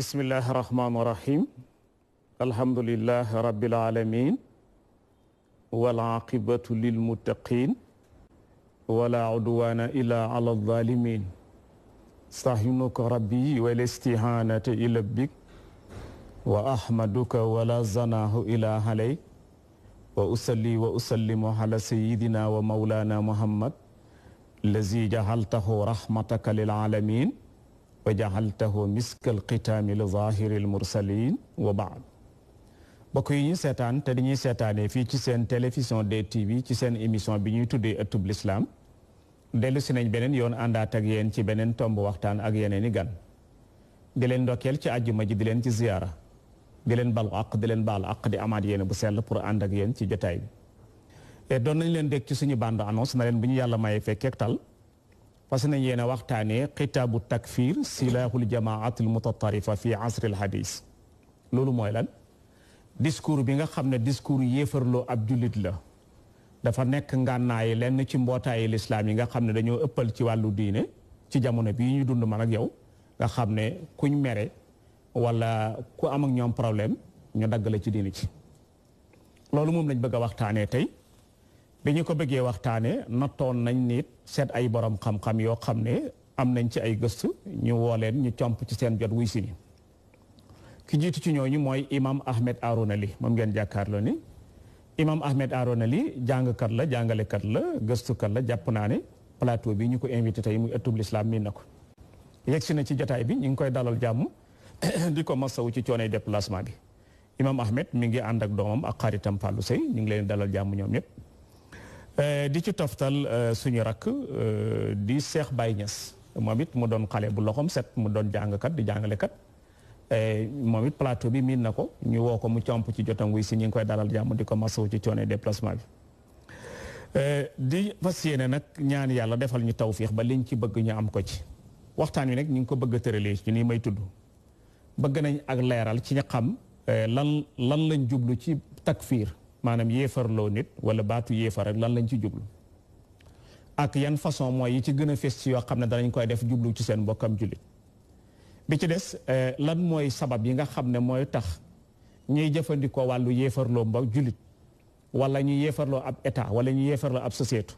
bismillahi irrahman irrahim alhamdulilahi rabilalamin walaqibatu lilmuttaqin wala udwana ila ala alzalimin sahinuka rabbi walistihanata ila bik wa ahmaduka wala zanahu ila halay wa usalli wa usallimu ala sayidina wa maulana muhammad lazi jahaltahu rahmataka lilalamin wa jaxaltahu miskal xitaami li zaahiril mursalin wa baad bokk yi ñu seetaan te dañuy seetaanee fii ci seen télévision DTV ci seen émission bi ñuy tuddee ëttub lislaam dellu si nañ beneen yoon àndaat ak yéen ci beneen tomb waxtaan ak yeneen i gan di leen ndokkeel ci àjjuma ji di leen ci ziyaara di leen balu ak di leen baalu ak di amaat yéen bu sell pour ànd ak yéen ci jotaay bi doon nañ leen dégg ci suñu bande annonce na leen bu ñu yàlla fas nañ yee a waxtaanee xitaabu takfir silaahul jamaat al mutatarifa fi asri al hadis loolu mooy lan discours bi nga xam ne discours yéefarloo ab jullit la dafa nekk ngànnaay lenn ci mbootaayu lislaam yi nga xam ne dañoo ëppal ci wàllu diine ci jamono bii ñu dund man ak yow nga xam ne kuñ mere wala ku am ak ñoom problème ñu dagg la ci diine ci loolu moom lañ bëgg a waxtaanee tey bi ñu ko bëggee waxtaane nottoon nañ nit seet ay borom xam-xam yoo xam ne am nañ ci ay gëstu ñu woo leen ñu comp ci seen jot wuy si ki jiitu ci ñooñu mooy imam Ahmed Arouna Ly moom ngeen jàkkaarloo ni imam Ahmed Arouna Ly jàngkat la jàngalekat la gëstukat la jàpp naa ne plateau bi ñu ko invité tey muy ëttub lislaam miin na ko yegsi na ci jotaay bi ñu ngi koy dalal jàmm ndi ko masawu ci coonay déplacement bi imam Ahmed mi ngi ànd ak doomam ak xaritam Fallou Seye ñu ngi leen dalal jàmm ñoom ñëpp Euh, di ci toftal euh, suñu rakk euh, di Cheikh Baye Niass moom it mu doon xale bu loxoom set mu doon jàngkat di jàngale kat moom it plateau bi miin na ko ñu woo ko mu comp ci jotam wuy si ñu ngi koy dalal jàmm di ko masawu ci coone déplacement bi. di fas yéene nag ñaan yàlla defal ñu tawfiix ba liñ ci bëgg ñu am ko ci waxtaan wi nag ñu ngi ko bëgg a tëralee ci nii may tudd bëgg nañ ak leeral ci ña xam lan lan lañ jublu ci fiir maanaam yéefarloo nit wala baatu yéefar rek lan lañ ci jublu ak yan façon mooy yi ci gën a fes ci yoo xam ne danañ koy def jublu ci seen mbokkam jullit bi ci des euh, lan mooy sabab yi nga xam ne mooy tax ñuy jëfandikoo wàllu yéefarloo mba jullit wala ñu yéefarloo ab état wala ñu yéefarloo ab société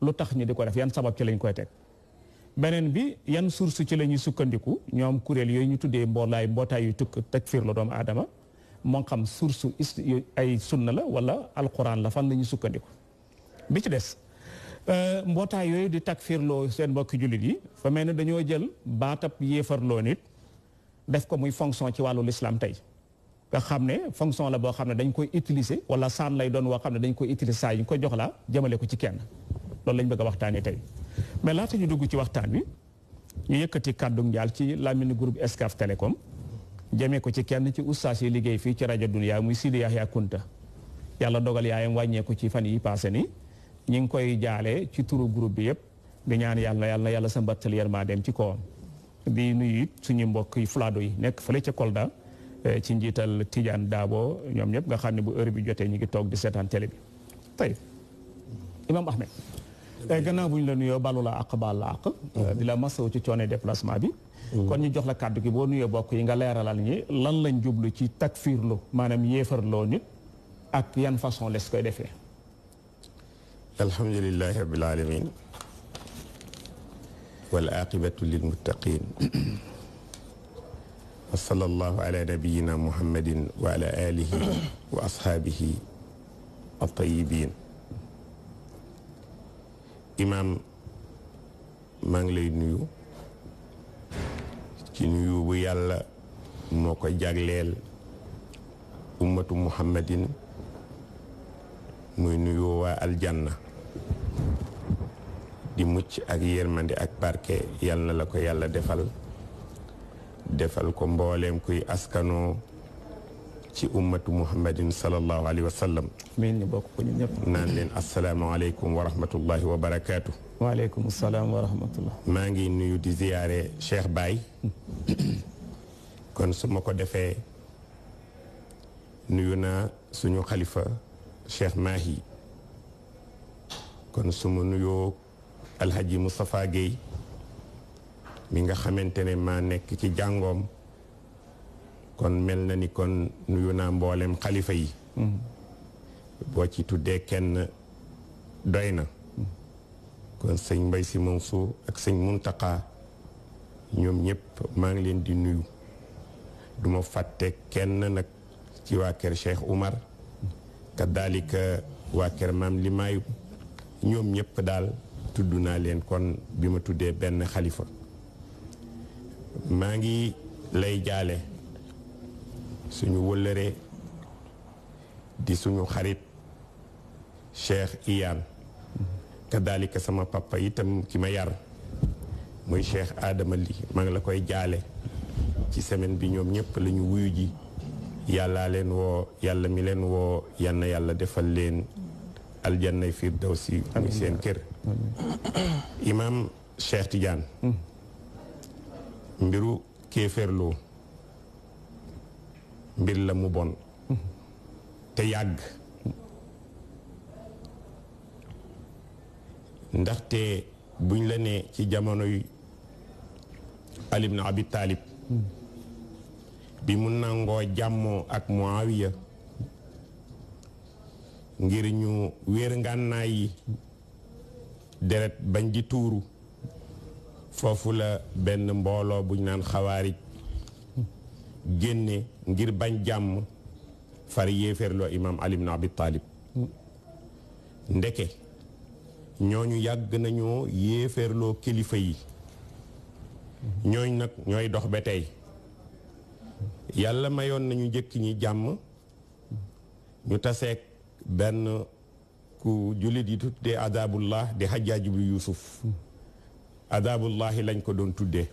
lu tax ñu di ko def yan sabab ci lañ koy teg beneen bi yan source ci la ñuy sukkandiku ñoom kuréel yooyu ñu tuddee mboolaay mbootaayu yu tukk takfiir la doomu aadama moo xam source ay sunna la wala alquran la fan lañu sukkandiku bi ci des euh, mbootaay yooyu di takfirloo seen mbokki jullit yi fa mel ne dañoo jël baatab yéefarloo nit def ko muy fonction ci wàllu lislaam tey nga xam ne fonction la boo xam ne dañ koy utiliser wala saan lay doon woo xam ne dañ koy utiliser saa yi ko jox laa jëmale ko ci kenn loolu lañ bëgg a waxtaanee tey mais laata ñu dugg ci waxtaan wi ñu yëkkati kàddu njaal ci lamini groupe Excaf Télécom jame ko ci kenn ci ustaas yi liggéey fii ci rajo Dunya muy Sidi Yahya Kunta yàlla dogal yaayam wàññeeku ci fan yi passé ni ñi ngi koy jaale ci turu group bi yëpp di ñaan yàlla yàlla yàlla sa mbattal yermaa dem ci kawam bi nuyu it suñu mbokk yi fulaado yi nekk fële ca Kolda eh, ci njiital Tidiane Dabo ñoom ñëpp nga xam ne bu heure bi jotee ñu ngi toog di seetaan télé bi tey Imam Ahmed eh, gannaaw bu ñu la nuyoo balu la àq baal laa àq mm-hmm. di la masaw ci bi Mm. kon ñu jox la kàddu gi boo nuyee bokk yi nga leeralal ñi lan lañ jublu ci takfiirlu maanaam yéefarloo nit ak yan façon les koy defee alhamdulilahi rabbil alamin wal aqibatu lil muttaqin wa sallallahu ala nabiyina muhammadin wa ala alihi wa ashaabihi at-tayyibin imaam maa ngi lay nuyu ci nuyu bu yàlla moo ko jagleel ummatu muhammadin muy nuyu waa aljanna di mucc ak yërmande ak barke yal na la ko yàlla defal defal ko mbooleem kuy askanoo ci ummatu muhammadin sallallahu alayhi wa sallam amiin ñu bokk ko ñu ñëpp naan leen asalaamaaleykum wa rahmatullahi wa barakaatu maa ngi nuyu di ziyaare Cheikh Baye kon su ma ko defee nuyu naa suñu xalifa Cheikh Mahi kon suma nuyoo Alhaji Moustapha Guèye mi nga xamante ne maa nekk ci jàngoom kon mel na ni kon nuyu naa mbooleem xalifa yi mm-hmm. boo ci tuddee kenn doy na mm-hmm. kon sëñ Mbay Si Mansour ak sëñ Muntaqa ñoom ñëpp maa ngi leen di nuyu duma ma fàtte kenn nag ci waa kër Cheikh Oumar kadalika waa kër maam li maayu ñoom ñëpp daal tudd naa leen kon bi ma tuddee benn xalifa maa ngi lay jaale suñu wëllëree di suñu xarit Cheikh Iyaan kadalika sama papa itam ki ma yar muy Cheikh Adama li maa ngi la koy jaale ci semaine bi ñoom ñëpp lañu ñu ji yàllaa leen woo yàlla mi leen woo yal yàlla defal leen aljannay firdawsi muy seen kër imam Cheikh Tidiane hmm. mbiru kéeférloo mbir la mu bon hmm. te yàgg ndaxte buñ la ne ci jamonoy Ali ibn Abi Talib bi mu nangoo jàmmoo ak Muawiya ngir ñu wéer yi deret bañ di tuuru foofu la benn mbooloo buñ naan xawaarij génne ngir bañ jàmm far yéeféerloo imaam Ali ibn Abi Talib ndeke ñooñu yàgg nañoo yéeféerloo kilifa yi ñooñ nag ñooy dox ba tey yàlla mayoon nañu njëkk ñi jàmm ñu taseeg benn ku jullit yi tuddee adabullah di xajaaj ibnu yuusuf adabullahi lañ ko doon tuddee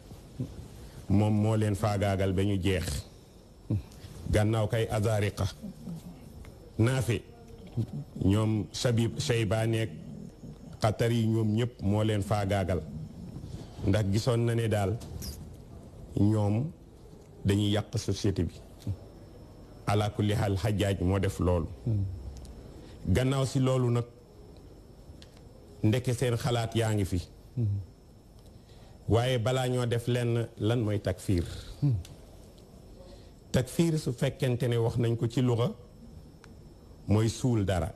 moom moo leen faagaagal ba ñu jeex gannaaw kay azariqa naafi ñoom sabib shaybaneeg xatar yi ñoom ñëpp moo leen faagaagal ndax gisoon na ne daal ñoom dañuy yàq société bi ala kulli xaal xajaaj moo def loolu gannaaw si loolu nag ndeke seen xalaat yaa ngi fi waaye balaa ñoo def lenn lan mooy takfiir takfiir su fekkente ne wax nañ ko ci luxa mooy suul dara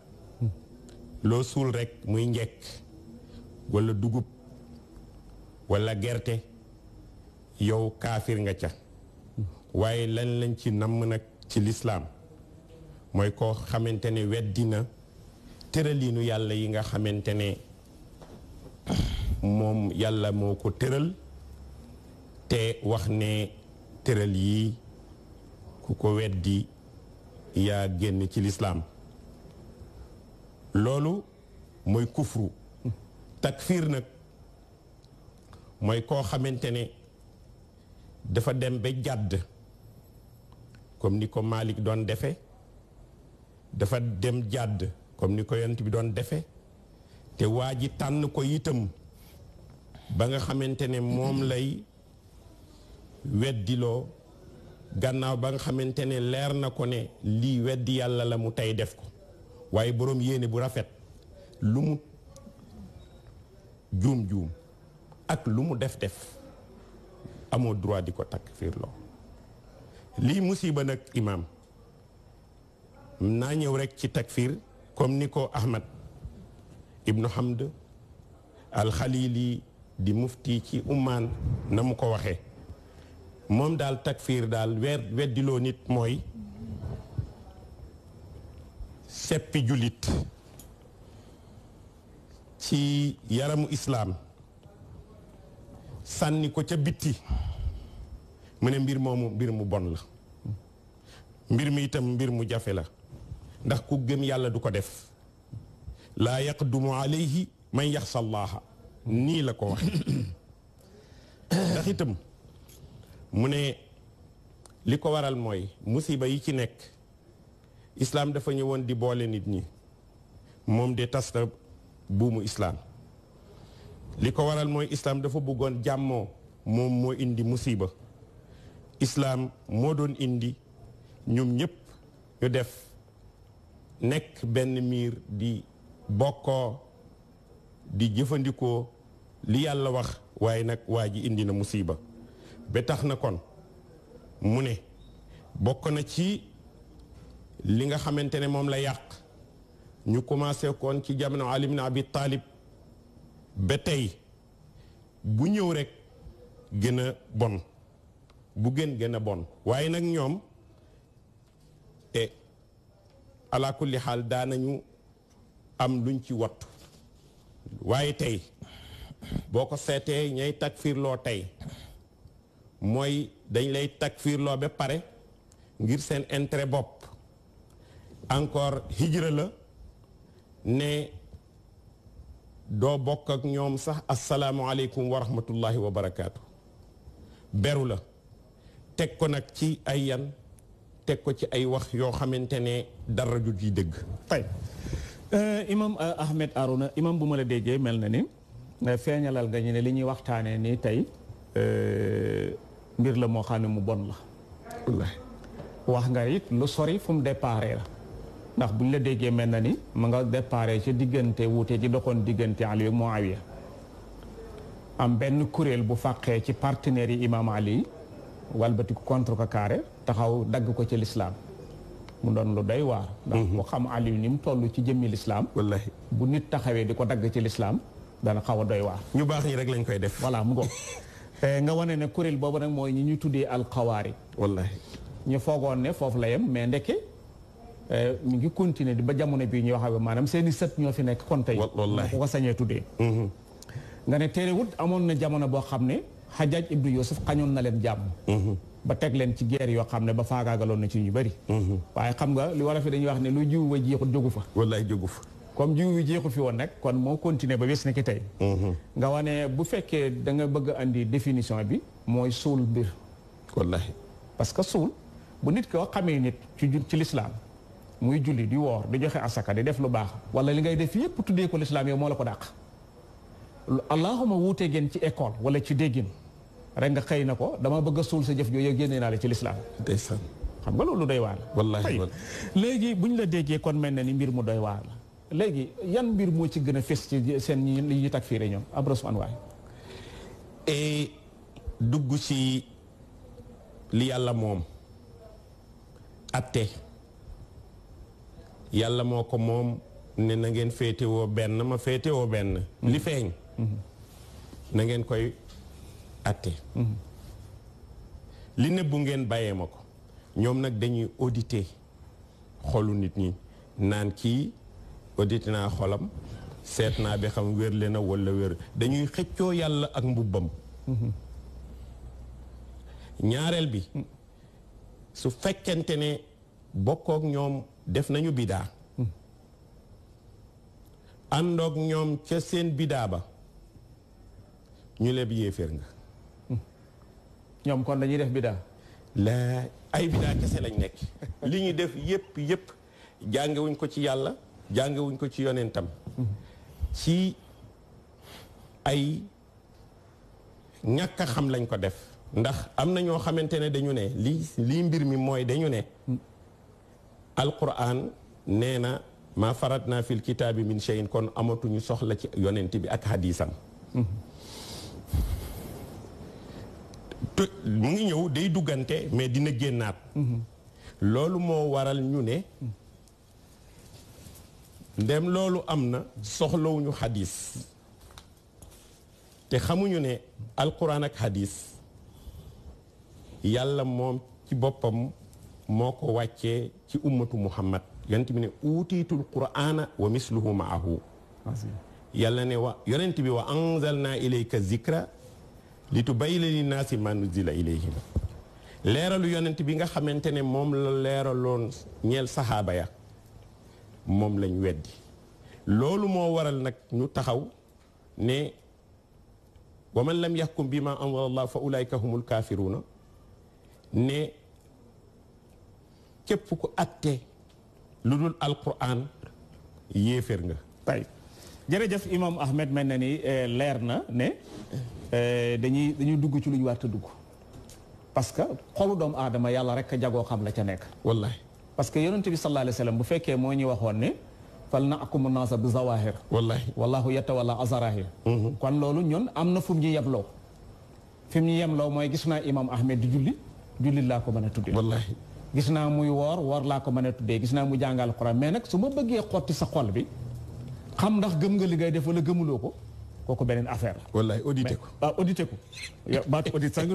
loo suul rekk muy njekk walla dugub wala gerte yow kaafir nga ca waaye lan lañ ci namm nag ci lislaam mooy koo xamante ne weddina tëraliinu yàlla yi nga xamante ne moom yàlla moo ko tëral te wax ne tëral yi ku ko weddi yaa génn ci lislaam loolu mooy kufru takfiir nag mooy koo xamante ne dafa dem ba jàdd comme ni ko Malik doon defe dafa dem jàdd comme ni ko yonent bi doon defe te waa ji tànn ko itam ba nga xamante ne moom lay weddiloo gànnaaw ba nga xamante ne leer na ko ne lii wedd yàlla la mu tey def ko waaye boroom yéene bu rafet lu mu juum juum ak lu mu def def amoo droit di ko takk fiirloo lii musiba nag imaam naa ñëw rekk ci takfir comme ni ko Ahmad ibnu Hamd alxalili di mufti ci Ummaan na mu ko waxee moom daal takfir daal weddiloo nit mooy seppi jullit ci yaramu islaam sànni ko ca bitti mu ne mbir moomu mbir mu bon la mbir mi itam mbir mu jafe la ndax ku gëm yàlla du ko def laa yaqdumu alayhi may yàq llaaha nii la ko waxe ndax itam mu ne li ko waral mooy musiba yi ci nekk islaam dafa ñëwoon di boole nit ñi moom de tas na buumu islaam li ko waral mooy islaam dafa bëggoon jàmmoo moom moo indi musiba islaam moo doon indi ñoom ñëpp ñu def nekk benn miir di bokkoo di jëfandikoo li yàlla wax waaye nag waa ji indi na musiba ba tax na kon mu ne bokk na ci li nga xamante ne moom la yàq ñu commencé koon ci jamono Ali ibn Abi ba tey bu ñëw rek gën bon bu gën gën bon waaye nag ñoom te ala kulli xaal daanañu am luñ ci wot waaye tey boo ko seetee ñay takfiirloo tey mooy dañ lay takfiirloo ba pare ngir seen intérêt bopp encore hijra la ne doo bokk ak ñoom sax asalaamualeykum wa rahmatullahi wa barakaatu beru la teg ko nag ci ay yan teg ko ci ay wax yoo xamante ne dara ju ciy dëgg tay euh, imam euh, Ahmed Arouna imam bu ma la déggee mel na ni feeñalal nga ñu ne li ñuy waxtaanee nii tey ngir euh, la moo xam ne mu bon la wax nga it lu sori fu mu déparé la ndax buñ la déggee mel na ni ma nga déparé ca diggante wuute ci doxoon diggante Ali ak Muawiya am benn kuréel bu fàqee ci partenaires yi imaam Ali walbatiku contre ko carré taxaw dagg ko ci lislaam mu doon lu doy waar mhm. ndax mu xam Ali ni mu toll ci jëmmi lislaam wallahi bu nit taxawee di ko dagg ci lislaam dana xaw a doy waar ñu baax ñi rek lañ koy def voilà mu eh, nga wane ne kuréel boobu nag mooy ñi ñu tuddee alxawaari wallahi ñu foogoon ne foofu la yem mais ndekke mi euh, ngi continuer di ba jamono bii ñoo xam maanaam seen i sët ñoo fi nekk kon tey. wallaahi ko ko sañee tuddee. Mm-hmm. nga ne terewut amoon na jamono boo xam ne Hajjaj ibnu Yusuf xañoon na leen jàmm. Mm-hmm. ba teg leen ci guerre yoo xam ne ba faagaagaloon na ci ñu bëri. Mm-hmm. waaye xam nga li wala fi dañuy wax ne lu jiw ba jeexut jógu fa. wallaahi jógu fa. comme jiw bi jeexu fi woon nag kon moo continuer ba wes na ki tey. nga wane bu fekkee da nga bëgg a andi définition bi mooy suul mbir. wallaahi parce que suul bu nit ko xamee nit ci ci lislaam muy julli di woor di joxe asaka di def lu baax wala li ngay def yépp tuddee ko lislaam yow moo la ko dàq allahuma wuute ngeen ci école wala ci déggin rek nga xëy na ko dama bëgg a suul sa jëf jooju yow génnee naa la ci lislaam ndeysaan xam nga loolu doy waar la wallaahi léegi buñ la déggee kon mel na ni mbir mu doy waar la léegi yan mbir moo ci gën a fés ci seen ñi li ñuy takfiire ñoom ab Ousmane waay e, dugg ci li yàlla moom atte yàlla moo ko moom ne na ngeen féetewoo benn ma féetewoo benn mm-hmm. li feeñ mm-hmm. na koy atte mm-hmm. li nëbbu ngeen bàyyee ma ko ñoom nag dañuy audité xolu nit ñi naan kii audité naa xolam seet naa bi xam wér le na wala wér dañuy xëccoo yàlla ak mbubbam ñaareel bi su fekkente ne bokkook ñoom def nañu bidaa àndoog ñoom ca seen bidaa ba ñu leb yéeféer nga ñoom kon dañuy def bidaa la ay bidaa kese lañ nekk li ñu def yépp yépp jàngewuñ ko ci yàlla jàngewuñ ko ci yonentam ci ay ñàkk xam lañ ko def ndax am na ñoo xamante ne dañu ne li lii mbir mi mooy dañu ne alquran nee na ma farat naa fil kitaabi min shay'in kon amatuñu soxla ci yonent bi ak hadisam mu ngi ñëw day duggante mais dina génnaat loolu moo waral ñu ne ndem loolu am na soxlawuñu xadiis te xamuñu ne alquran ak xadiis yàlla moom ci boppam moo ko wàccee ci ummatu muhammad yonent bi ne uutiitul qur'aana wa misluhu ma'ahu yàlla ne wa yonent bi wa anzalna ilayka zikra li tubayyina linnaasi maa nuzzila ilayhim leeralu yonent bi nga xamante ne moom la leeraloon ñeel saxaaba ya moom lañ weddi loolu moo waral nag ñu taxaw ne wa man lam yaxkum bi ma anzala allah fa ulaika humul kaafiruuna ne cépp ku atte lu dul alquran yéeféer nga tay jërëjëf imam ahmed men na nii eh, leer na ne eh, dañuy dañuy dugg ci lu ñu war dugg parce que xolu doomu aadama yàlla rek jagoo xam la ca nekk wallahi parce que yonente bi sallallahu alayhi wa sallam bu fekkee moo ñuy waxoon ne fal na akumu naasa bi zawahir wallahi wallahu yatawalla azarahir mm-hmm. kon loolu ñun am na fu ñu yebloo fi mu ñu yemloo mooy gis naa imam ahmed di julli julli laa ko mën a tudde gis naa muy woor woor laa ko mën a tuddee gis naa mu jàngal Alxuraan mais nag su ma bëggee xotti sa xol bi xam ndax gëm nga li ngay def wala gëmuloo ko kooku beneen affaire la. wallaay audité ko waaw ah, audité ko yow baatu audit sax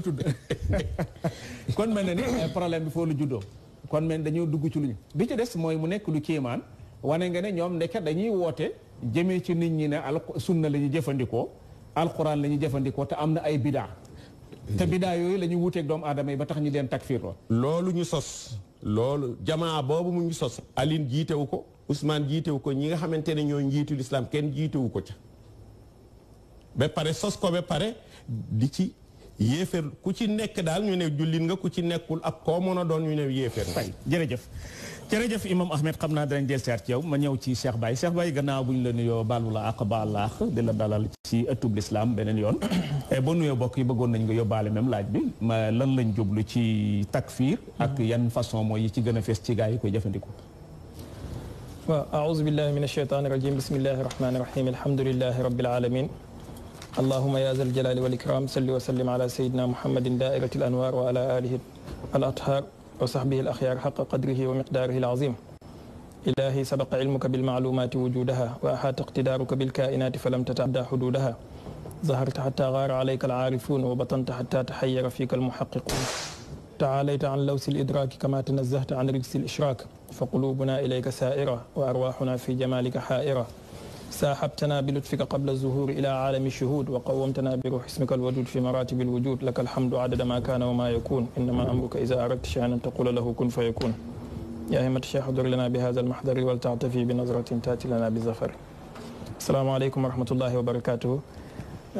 kon mel na ni eh, problème bi foo lu juddoo kon mel dañoo dugg ci lu ñu bi ci des mooy mu nekk lu kéemaan wane nga ne ñoom ndeket dañuy woote jëmee ci nit ñi ne al sunna la ñu jëfandikoo alxuraan la ñu jëfandikoo te am na ay bidaa. te bidaa yooyu la ñuy wuuteeg doomu aadama yi ba tax ñu leen takfiir lool loolu ñu sos loolu jamaa boobu mu ñu sos Aline jiitewu ko Ousmane jiitewu ko ñi nga xamante ne ñoo njiitu lislaam kenn jiitewu ko ca ba pare sos ko ba pare di ci yéeféer ku ci nekk daal ñu ne jullit nga ku ci nekkul ak koo mën a doon ñu ne yéeféer nga jërëjëf jërëjëf imam ahmed xam naa danañ del seet ci yow ma ñëw ci Cheikh Baye Cheikh Baye gannaaw bu ñu la nuyoo baalu la àq baal la àq di la dalal ci ëttub lislaam beneen yoon eh, ba nuyoo bokk yi bëggoon nañ nga yóbbaale même laaj bi ma lan lañ jublu ci takfir ak mm-hmm. yan façon mooy yi ci gën a fees ci gaa yi koy jëfandikoo waaw aouzu billahi min asheytaani rajim bismillahi rahmani rahim alhamdulilahi rabbil alamin allahuma ya zal jalali wal ikram salli wa sallim ala sayidina muhammadin daairati al anwar wa ala alihi al athar wa saxbihi al axyaar xaqa qadrihi wa miqdaarihi al azim ilahi sabaqa ilmuka bilmaalumaati wujudaha wa axaata iqtidaaruka bilkaainaati falam tataadda xuduudaha zaharta xata gaara alayka alcaarifuun wa batanta xata taxayara fiika almuxaqiquun taalayta an lawsi lidraaki kama tanazahta an rigsi alishraak fa quluubuna ilayka saa'ira wa arwaaxuna fi jamalika xaa'ira saaxabtanaa bi lutfika qabla zuhur ila aalami shuhud wa qawamtanaa bi ruux ismika alwadud fi maratibi alwujud laka alhamdu adada ma kaana wa ma yakun innama amruka ida aradta shay'an an taqula lahu kun fa yakun yaa himmata cheikh udur lana bi hada almahdari wal taatafi bi nazratin taati lana bi zafar asalaamu aleykum wa rahmatullahi wa barakatuhu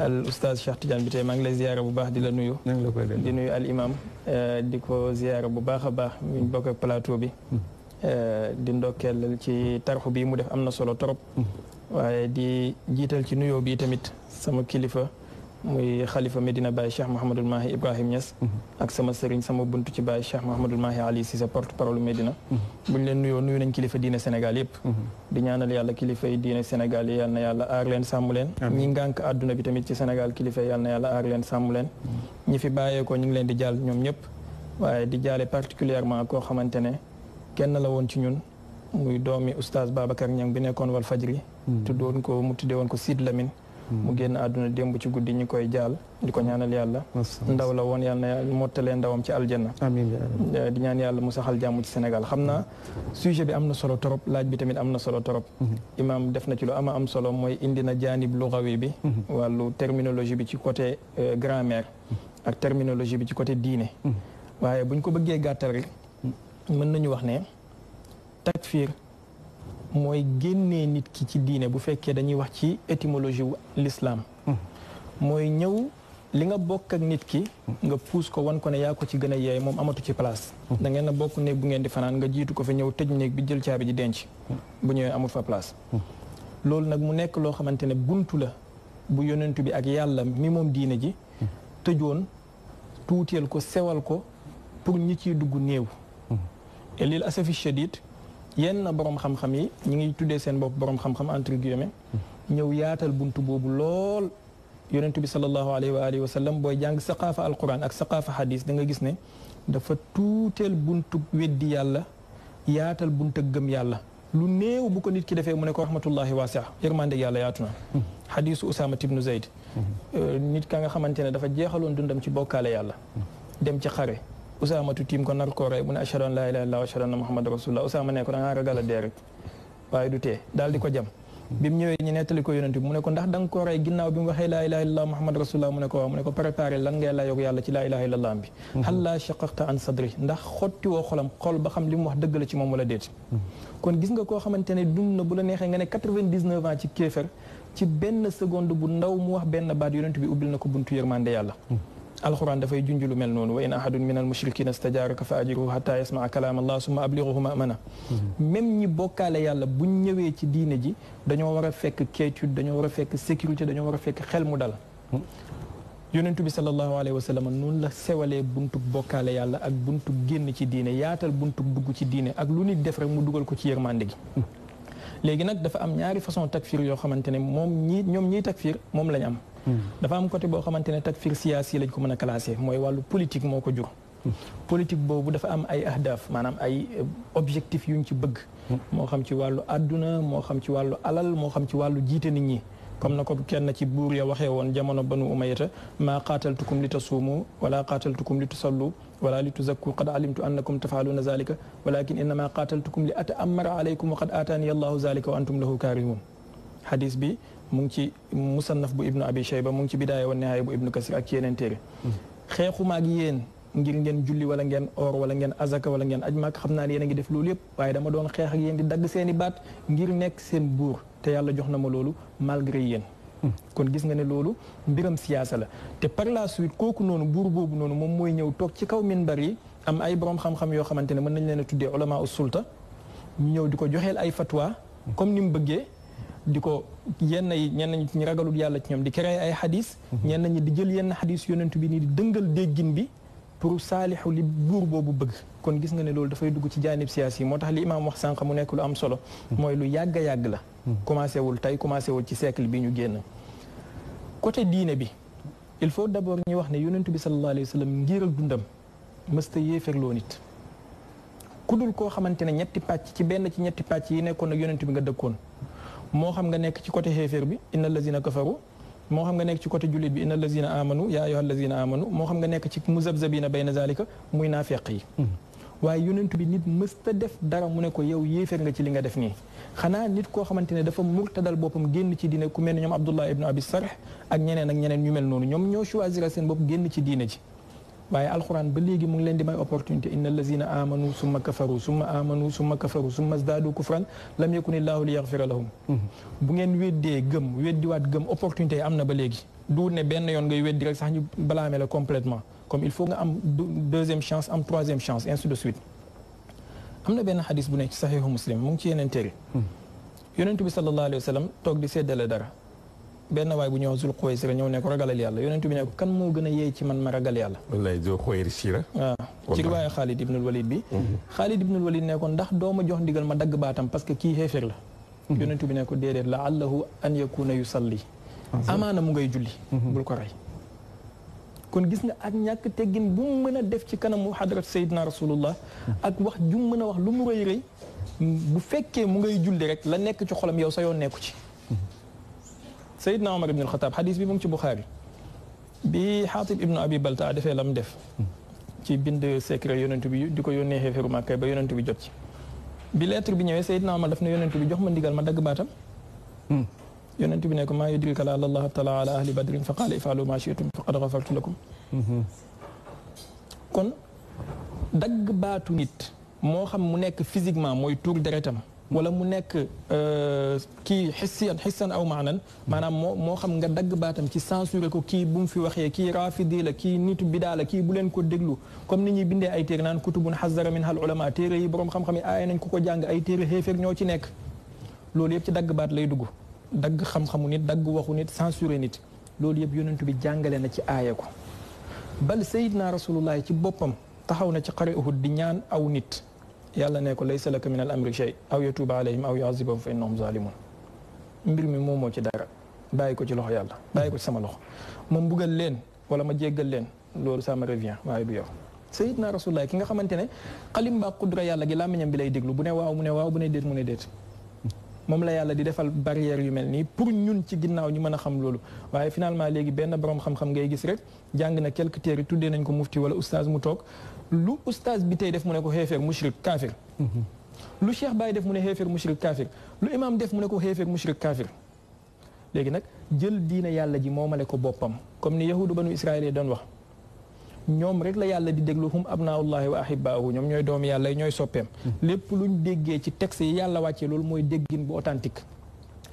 al oustaz Cheikh Tidiane bi tey maa ngi lay ziyaara bu baax di la nuyu di nuyu al imam eh, di ko ziyaara bu baax a baax ñu bokk ak plateau bi mm. eh, di ndokkeel ci tarxu bi mu def am na solo trop mm. waaye di jiital ci nuyoo bi tamit sama kilifa muy xalifa Medina Baye Cheikh Mouhamadul Mahi Ibrahim Niass. Mhm. ak sama sëriñ sama buntu ci Baye Cheikh Mouhamadul Mahi Ali Cissé porte parole Medina. Mhm. buñ leen nuyoo nuyu nañ kilifa diine Sénégal yëpp. Mhm. di ñaanal yàlla kilifa yi diine Sénégal yi yal na yàlla aar leen sàmm leen. ñi ngànk àdduna bi tamit ci Sénégal kilifa yi yal na yàlla aar leen sàmm leen. ñi fi bàyyeekoo ñu ngi leen di jaal ñoom ñëpp. waaye di jaale particulièrement koo xamante ne kenn la woon ci ñun muy doomi oustaz Babacar Niang bi nekkoon wal fajri Mm-hmm. tuddoon ko mu tuddee woon ko Sid Lamine mm-hmm. mu génn àdduna démb ci guddi ñu koy jaal di ko ñaanal yàlla ndawla woon yàlla mottalee ndawam ci aljanna eh, di ñaan yàlla mu saxal jàmm ci Sénégal xam na mm-hmm. sujet bi am na solo trop laaj bi tamit am na solo torop imam def na ci loo ama am solo mooy indi na jaanib lugawi bi wàllu terminologie bi ci côté eh, grammaire ak terminologie bi ci côté diine waaye buñ ko bëggee gàttal rek mën nañu wax ne takfir mooy génnee nit ki ci diine bu fekkee dañuy wax ci étymologie wu l'islam hmm. mooy ñëw li nga bokk ak nit ki nga puus ko wan ko ne yaa ko ci gën a yeey moom amatu ci place hmm. da ngeen a bokk néeg bu ngeen di fanaan nga jiitu ko fa ñëw tëj néeg bi jël caabi ji denc hmm. bu ñëwee amul fa place loolu nag mu nekk loo xamante ne buntu la bu yonentu bi ak yàlla mi moom diine ji tëjoon tuuteel ko sewal ko pour ñi ciy dugg néew et lil shadid yenn borom xam-xam yi ñu ngi tuddee seen bopp boroom xam-xam entre ñëw yaatal bunt boobu lool yonent bi sallallahu alayhi wa alihi wa sallam booy jàng saqaafa alquran ak saqaafa hadis da nga gis ne dafa tuuteel buntu weddi yàlla yaatal bunt ak gëm yàlla lu néew bu ko nit ki defee mu ne ko rahmatullahi waasia yërmande yàlla yaatu na hadisu Usaama ibnu Zayd mm-hmm. euh, nit ka nga xamante ne dafa jeexaloon dundam ci bokkaale yàlla mm-hmm. dem ci xare Usaamatu tiim ko nar koo rey mu ne laa ilaaha illallaah wa ashhadu anna Muhammadan rasuulullaah Usaama ne ko da ngaa ragal a dee waaye du tee daal di ko jam bi mu ñëwee ñu nettali ko ko ndax da nga koo waxee laa ilaaha Muhammad rasuulullaah mu ne ko waaw mu ko préparé lan ngay layoog yàlla ci mhm. laa ilaaha bi hallaa shaqaqta an sadri ndax xotti woo xolam xol ba xam li mu wax dëgg la ci moom wala déet mhm. kon gis nga koo xamante ne dund na bu la neexee nga ne 99 ans ci na ko buntu alxuraan dafay junj lu mel noonu wa in ahadun min al mushrikina stajaaraka fa ajiruhu hatta yasmaa kalaam allah summa ablighuhu ma'mana mhm. même ñi bokkaale yàlla buñ ñëwee ci diine ji dañoo war a fekk quiétude dañoo war a fekk sécurité dañoo war a fekk xel mu dal mhm. yonentu bi sallallahu alayhi wa sallam noonu la sewalee buntug bokkaale yàlla ak buntug génn ci diine yaatal buntug dugg ci diine ak lu nit def rek mu dugal ko ci yërmande gi mhm. léegi nag dafa am ñaari façon takfir yoo xamante ne moom ñii ñoom ñiy takfir moom lañ am dafa am côté boo xamante ne takfir siyaasi lañ ko mën a classé mooy wàllu politique moo ko jur. politique boobu dafa am ay ahdaf maanaam ay euh, objectif yuñ ci bëgg. moo xam ci wàllu adduna moo xam ci wàllu alal moo xam ci wàllu jiite nit ñi. comme na ko kenn ci buur ya waxee woon jamono banu umayata maa qaataltukum li tasuumu wala qaataltukum li tusallu wala li tuzakku qad alimtu annakum tafaaluuna zalika walakin innama qaataltukum li ataamara alaykum wa qad aataani allahu zalika wa antum lahu kaarihuun hadis bi mu ngi ci musannaf bu ibnu abi shayba mu ngi ci bidaaya wa nihaaya bu ibnu kasir ak ci yeneen téere hmm. yéen ngir ngeen julli wala ngeen or wala ngeen azaka wala ngeen aj maak xam naa ne ngi def loolu yëpp waaye dama doon xeex ak yéen seen i ngir nekk seen buur te yàlla jox na ma loolu malgré yéen hmm. kon gis nga ne loolu mbiram siyaasa la te par la suite kooku noonu buur boobu noonu moom mooy ñëw toog ci kaw minbar yi am ay borom xam-xam yoo xamante ne mën nañ leen a tuddee ulama u ñëw di ko joxeel ay fatwa hmm. comme ni mu bëggee di ko yenn yi ñenn ñi ragalul yàlla ci ñoom di créer ay xadis. Mhm. ñenn ñi di jël yenn xadis yonent bi nii di dëngal déggin bi pour saalixu li buur boobu bëgg. kon gis nga ne loolu dafay dugg ci jaanib yi moo tax li imaam wax sànq mu nekk lu am solo. Mhm. mooy lu yàgg yàgg la. Mhm. commencé wul tey commencé wul ci siècle bi ñu génn. côté diine bi il faut d' abord ñu wax ne yonent bi sallallahu alayhi wa sallam ngir ak dundam mësta yéeferloo nit. dul koo xamante ne ñetti pàcc ci benn ci ñetti pàcc yi nekkoon ak yonent bi nga dëkkoon. moo xam nga nekk ci côté xéeféer bi inna allazina kafaru moo xam nga nekk ci côté jullit bi inna allazina amanu yaa ayyuha allazina amanu moo xam nga nekk ci muzabzabina bayna zalika muy naafeq yi mm-hmm. waaye yonent bi nit mësta def dara mu ne ko yow yéeféer nga ci li nga def nii xanaa nit koo xamante ne dafa murtadal boppam génn ci diine ku mel ne ñoom abdullah ibnu abi sarh ak ñeneen ak ñeneen ñu mel noonu ñoom ñoo choisir seen bopp génn ci diina ji waaye alxuraan ba léegi mu ngi leen di may opportunité inna allazina amanu summa kafaru summa amanu summa kafaru summa zdadu kufran lam yakun illaahu li yaxfira lahum mhm. bu ngeen weddee gëm weddiwaat gëm opportunité am na ba léegi du ne benn yoon ngay weddi rek sax ñu balaame la complètement comme il faut nga am deuxième chance am troisième chance ainsi de suite am na benn xadis bu ne ci saxiixu muslim mu ngi ci yeneen téere mhm. yonentu bi sallallahu alayhi wa sallam toog di seddale dara benn waay bu ñëw Zul Xuwaysira ñëw ne ko ragalal yàlla yonent bi ne kan moo gën a yee ci man ma ragal yàlla wallaay Zul Xuwaysira waaw ci riwaaya Xaalid ibnul Walid bi mhm. Xaalid ibnul Walid ne ko ndax doo ma jox ndigal ma dagg baatam parce que kii xeeféer la mhm. yonent bi ne ko déedéet la allahu an yakuna yusalli amaana mu ngay julli mhm. bul ko rey kon gis nga ak ñàkk teggin bu mu mën a def ci kanamu xadrat sayidina rasulullah ak wax ju mu mën a wax lu mu rëy rëy bu fekkee mu ngay julli rek la nekk ci xolam yow sa yoon nekku ci Seydina Omar ibn al-Khattab xadis bi mu ngi ci Buxaari bi Xaatib ibnu Abi Balta defee lam def ci bind secret yonent bi di ko yónnee xeefeeru Màkka ba yonent bi jot ci bi lettre bi ñëwee Seydina Omar daf ne bi jox ma ndigal ma dagg baatam hmm. yonent bi nekk ko maa yudrika la allah tala ala ahli badrin fa qaala ifaalu ma shi'tum faqad ghafartu lakum kon dagg baatu nit moo xam mu nekk physiquement mooy tuur deretam wala mu nekk euh, kii xissiyan xissan aw nan maanaam moo moo xam nga dagg baatam ci censuré ko kii bu mu fi waxee kii raafidi la kii nitu bidaa la kii bu leen ko déglu comme ni ñuy bindee ay téere naan kutubun xazara min hal ulama téere yi boroom xam-xam yi aaya nañ ku ko jàng ay téere ñoo ci nekk loolu yëpp ci dagg baat lay dugg dagg xam-xamu nit dagg waxu nit censuré nit loolu yëpp yonentu bi jàngale na ci aaya ko bal sayidna rasulullahi ci boppam taxaw na ci xare Uhud di ñaan aw nit yàlla ne ko laysa laka min al amri shay aw yatuuba alayhim aw yuazibahum fa innahum zalimun mbir mi moomoo ci dara bàyyi ko ci loxo yàlla bàyyi ko ci sama loxo ma mbugal leen wala ma jéggal leen loolu ça me revient waaye du yow sayidna rasulullah ki nga xamante ne xalim baa qudra yàlla gi làmmiñam bi lay déglu bu ne waaw mu ne waaw bu ne déet mu ne déet moom la yàlla di defal barrière yu mel nii pour ñun ci ginnaaw ñu mën a xam loolu waaye finalement léegi benn borom xam ngay gis rek jàng na quelque téere tuddee nañ ko mufti wala oustaz mu toog lu oustaz bi tey def mu ne ko xeefeer mushrik kaafir lu Cheikh Baye def mu ne xeefeer mushrik kaafir lu imaam def mu ne ko xeefeer mushrik kaafir léegi nag jël diina yàlla ji moomale ko boppam comme ni yahudu banu israel yi doon wax ñoom rek la yàlla di déglu hum abnaullahi wa ahibaahu ñoom ñooy doom yàlla ñooy soppeem lépp luñ déggee ci texte yi yàlla wàccee loolu mooy déggin bu authentique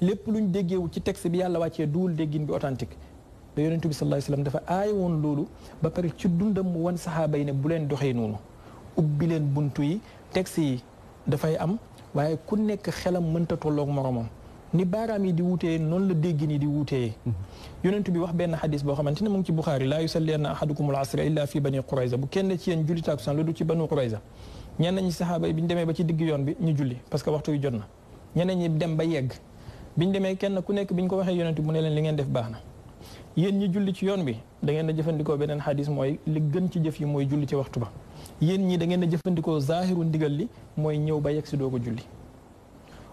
lépp luñ déggeewu ci texte bi yàlla wàccee duwul déggin bi authentique te yonent bi sallallahu alayhi wasallam dafa ne bu leen doxee noonu ubbi leen buntu yi yi dafay am waaye ku nekk xelam mënta tolloog moromam ni baaraam yi di wutee noonu la mhm. laa yusalli anna ahadukum al-asra illa fi bani Qurayza bu kenn ci yéen julli taakusaan lu du ci banu Qurayza ñenn ñi saxaaba yi demee ba ci digg yoon bi ñu julli parce que waxtu yu jot na ñeneen ñi dem ba yegg bi demee kenn ku nekk bi ñu ko waxee yonent bi mu ne leen li ngeen def baax na yéen ñi julli ci yoon bi dangeen ngeen a jëfandikoo beneen xadis mooy li gën ci jëf yi mooy julli ci waxtu ba yéen ñi da ngeen a jëfandikoo zaahiru ndigal li mooy ñëw ba yegg si doo ko julli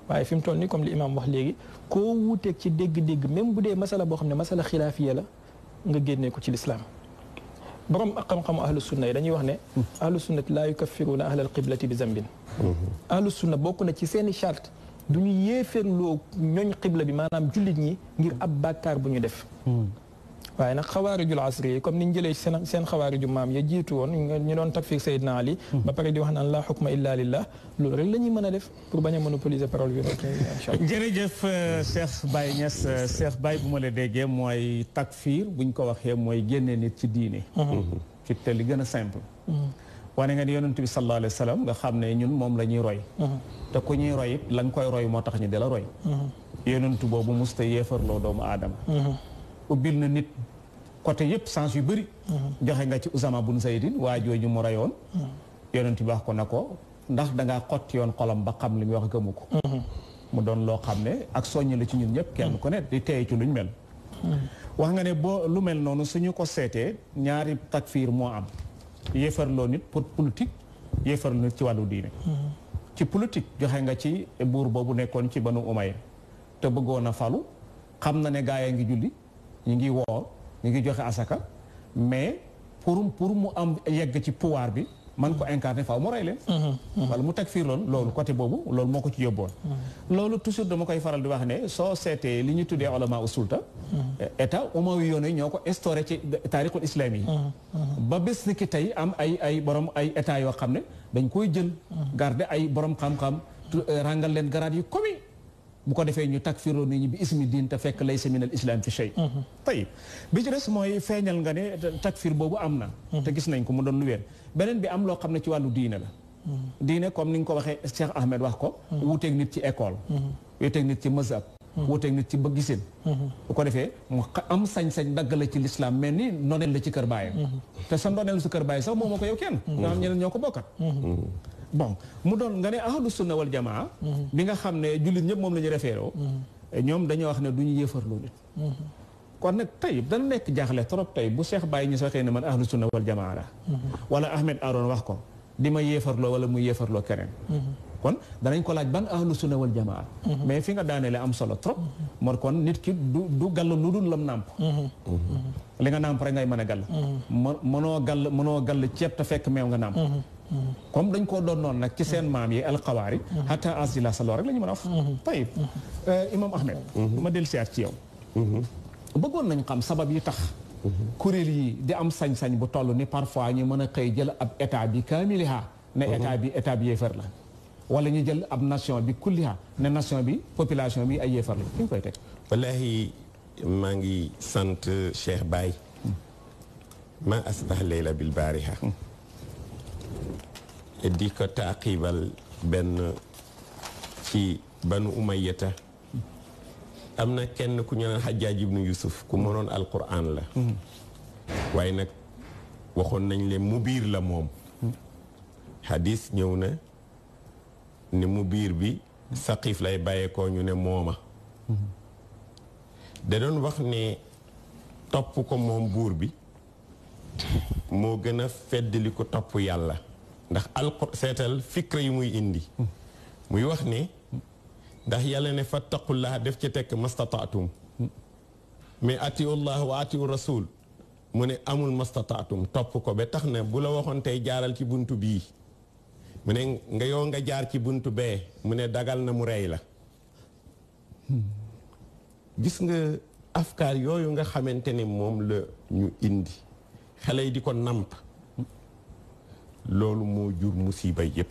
waaye fi mu toll nii comme li imaam wax léegi koo wuuteeg ci dégg-dégg même bu dee masala boo xam ne masala xilaafiya la nga génnee ko ci lislaam borom xam-xamu ahlu sunna yi dañuy wax ne ahlu sunnati laa yukaffiruuna ahlal qiblati bi zambin ahlu sunna bokk na ci seeni chart du ñu loo ñooñ xibla bi maanaam jullit ñi ngir ab bàkkaar bu ñu def waaye nag xawaarijul asri yi comme niñ jëlee seen seen xawaariju maam ya jiitu woon ñu doon takfiir Seydina Ali hmm. ba pare di wax naan laa xukma illa lillah loolu rek la ñuy mën a def pour bañ a monopoliser parole bi jërëjëf euh, Cheikh Baye Niass euh, Cheikh Baye bu ma la déggee mooy takfiir buñ ko waxee mooy génne nit ci diine hmm. Hmm. ci te li gën a simple wane nga ni yonent bi sallallahu alayhi wa sallam nga xam ne ñun moom la ñuy roy te ku ñuy roy it koy roy moo tax ñu di la roy yonent boobu musta yéefarloo doomu aadama ubbil na nit côté yëpp sens yu bëri joxe nga ci Usama bun Zaydin waa jooju mu rayoon yonent bi wax ko na ko ndax dangaa xotti yoon xolam ba xam li muy wax gëmu ko mu doon loo xam ne ak soññ la ci ñun ñëpp kenn ku ne di tey ci luñ mel wax nga ne boo lu mel noonu suñu ko seetee ñaari takfiir moo am yéefarloo nit pour politique yéefarloo nit ci wàllu diine ci politique joxe nga ci buur boobu nekkoon ci banu Umayya te bëggoon a falu xam na ne gaay a ngi ñu ngi woor ñu ngi joxe asaka mais pour pour mu am yegg ci pouvoir bi man ko incarné faaw mu rey leen mm-hmm, mm-hmm. wala mu teg fiir loon loolu côté boobu loolu moo ko ci yóbboon mm-hmm. loolu toujours dama koy faral di wax ne soo seetee li ñu tuddee ulama u sulta état umawi yoon yi ñoo ko instauré ci taarixul islam yi ba bés ni ki tey am ay ay borom ay état yoo xam ne dañ koy jël garder ay borom xam-xam euh, rangal leen garaat yu komi bu ko defee ñu takfiroo nit ñi bi ismi diin te fekk laysa min al islam fi shay mhm. tayib bi ci des mooy feeñal nga ne takfir boobu am na mhm. te gis nañ ko mu doon lu wér beneen bi am loo xam ne ci wàllu diine la mhm. diine comme ni nga ko waxee Cheikh Ahmed wax ko wuuteeg nit ci école wuuteeg nit ci mazhab wuuteeg nit ci ba gisin bu ko defee mu am sañ-sañ dagg la ci l'islam mel ni noneel la ci kër baayam te sa noneel su kër baay sax moom moo ko yow kenn bon mu doon nga ne ahlu sunna wal jamaa mm-hmm. bi nga xam ne jullit ñëpp moom la ñu référé mm-hmm. ñoom dañoo wax ne du ñu yéefarloo nit mm-hmm. kon nag tey dana nekk jaaxle trop tey bu Cheikh Baye ñu waxee ne man ahlu sunna jamaa la wala Ahmed Aroon wax ko di ma yéefarloo wala mu yéefarloo keneen kon danañ ko laaj ban ahlu sunna wal jamaa mais fi nga daaneele am solo trop moo kon nit ki du du gàll lu dul lam nàmp li nga nàmp rek ngay mën a gàll mënoo gàll mënoo gàll comme dañ koo doon noonu nag ci seen maam yi alxawaari hatta asila sa lool rek la ñu mën a wax tayib euh, imam ahmed ma del siyaat ci yow bëggoon nañ xam sabab yi tax kuréel yi di am sañ-sañ bu toll ni parfois ñu mën a xëy jël ab état bi kaamiliha ne état bi état bi yéefar la wala ñu jël ab nation bi kulliha ne nation bi population bi ay yéefar la fi ñu koy teg wallahi maa ngi sant Cheikh Baye ma asbax leyla bil baariha di ko taaqibal benn ci banu umayata am na kenn ku ñu naan xajaaj ibnu yusuf ku mënoon alquran la mm. waaye nag waxoon nañ leen mu biir la moom mm. xadis ñëw na ne mu biir bi saqif lay bàyyeekoo ñu ne mooma mm. da doon wax ne topp ko moom buur bi moo gën a feddali ko topp yàlla ndax alqur seetal fikra yi muy indi muy wax ne ndax yàlla ne fa fattaqullah def ci tekk mastataatum mais atiu llah wa atiu rasul mu ne amul mastataatum topp ko ba tax na bu la waxoon tey jaaral ci buntu bii mu ne nga yow nga jaar ci buntu bee mu ne dagal na mu rey la gis nga afkaar yooyu nga xamante ne moom la ñu indi xale yi di ko nàmp loolu moo jur musiba yépp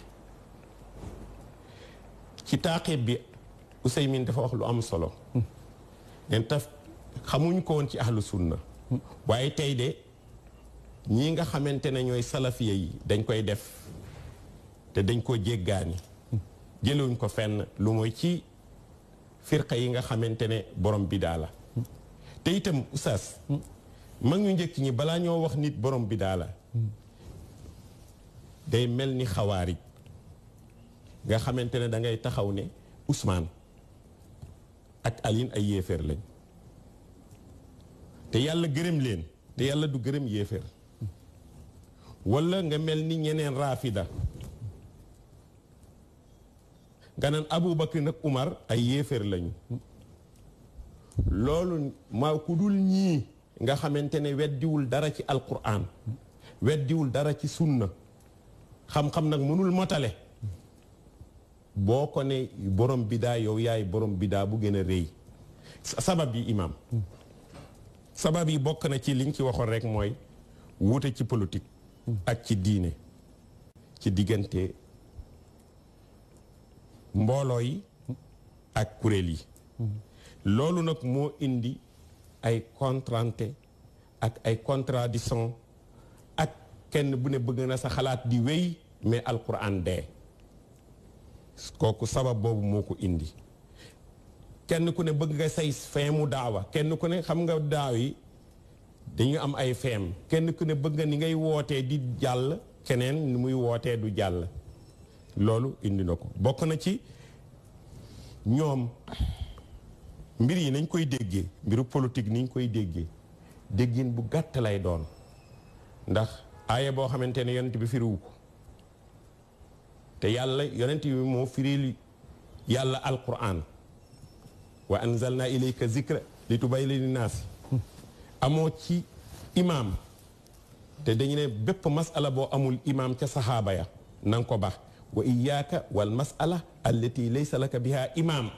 ci taaqib bi Useymin dafa lu am solo nen xamuñ ko woon ci ahlu sunna waaye tey de ñii nga xamante ne ñooy salafiya yi dañ koy def te dañ koo jéggaani jëlewuñ ko fenn lu mooy ci firqa yi nga xamante ne borom bidaa la te itam mag ñu njëkk ñi balaa ñoo wax nit borom bidaa la day mel ni xawaarij nga xamante ne dangay taxaw ne usmaan ak Aline ay yéeféer lañ te yàlla gërëm leen te yàlla du gërëm yéeféer wala nga mel ni ñeneen raafida nga naan Abu Bakr nag Umar ay yéeféer lañu loolu maa ku dul ñii nga xamante ne weddiwul dara ci alquran weddiwul dara ci sunna xam-xam nag mënul motale boo ko ne borom bidaa yow yaay borom bidaa bu gën a rëy sabab yi imaam sabab yi bokk na ci liñ ci waxoon rek mooy wuute ci politique ak ci diine ci diggante mbooloo yi ak kuréel yi loolu nag moo indi ay contrante ak ay contradiction kenn bu ne bëgg na sa xalaat di wéy mais alquran dee kooku sabab boobu moo ko indi kenn ku ne bëgg nga say feemu daawa kenn ku ne xam nga daaw yi dañu am ay feem kenn ku ne bëgg nga ni ngay wootee di jàll keneen ni muy wootee du jàll loolu indi na ko bokk na ci ñoom mbir yi nañ koy déggee mbiru politique niñ koy déggee déggin bu gàtt lay doon ndax aaya boo xamante ne yonent bi firiwu ko te yàlla yonent bi moo firil yàlla alquran wa anzalna ilayka zikra li tubayli linnaasi amoo ci imaam te dañu ne bépp masala boo amul imaam ca saxaaba ya na ko baax wa iyaaka wal masala allati laysa laka biha imaam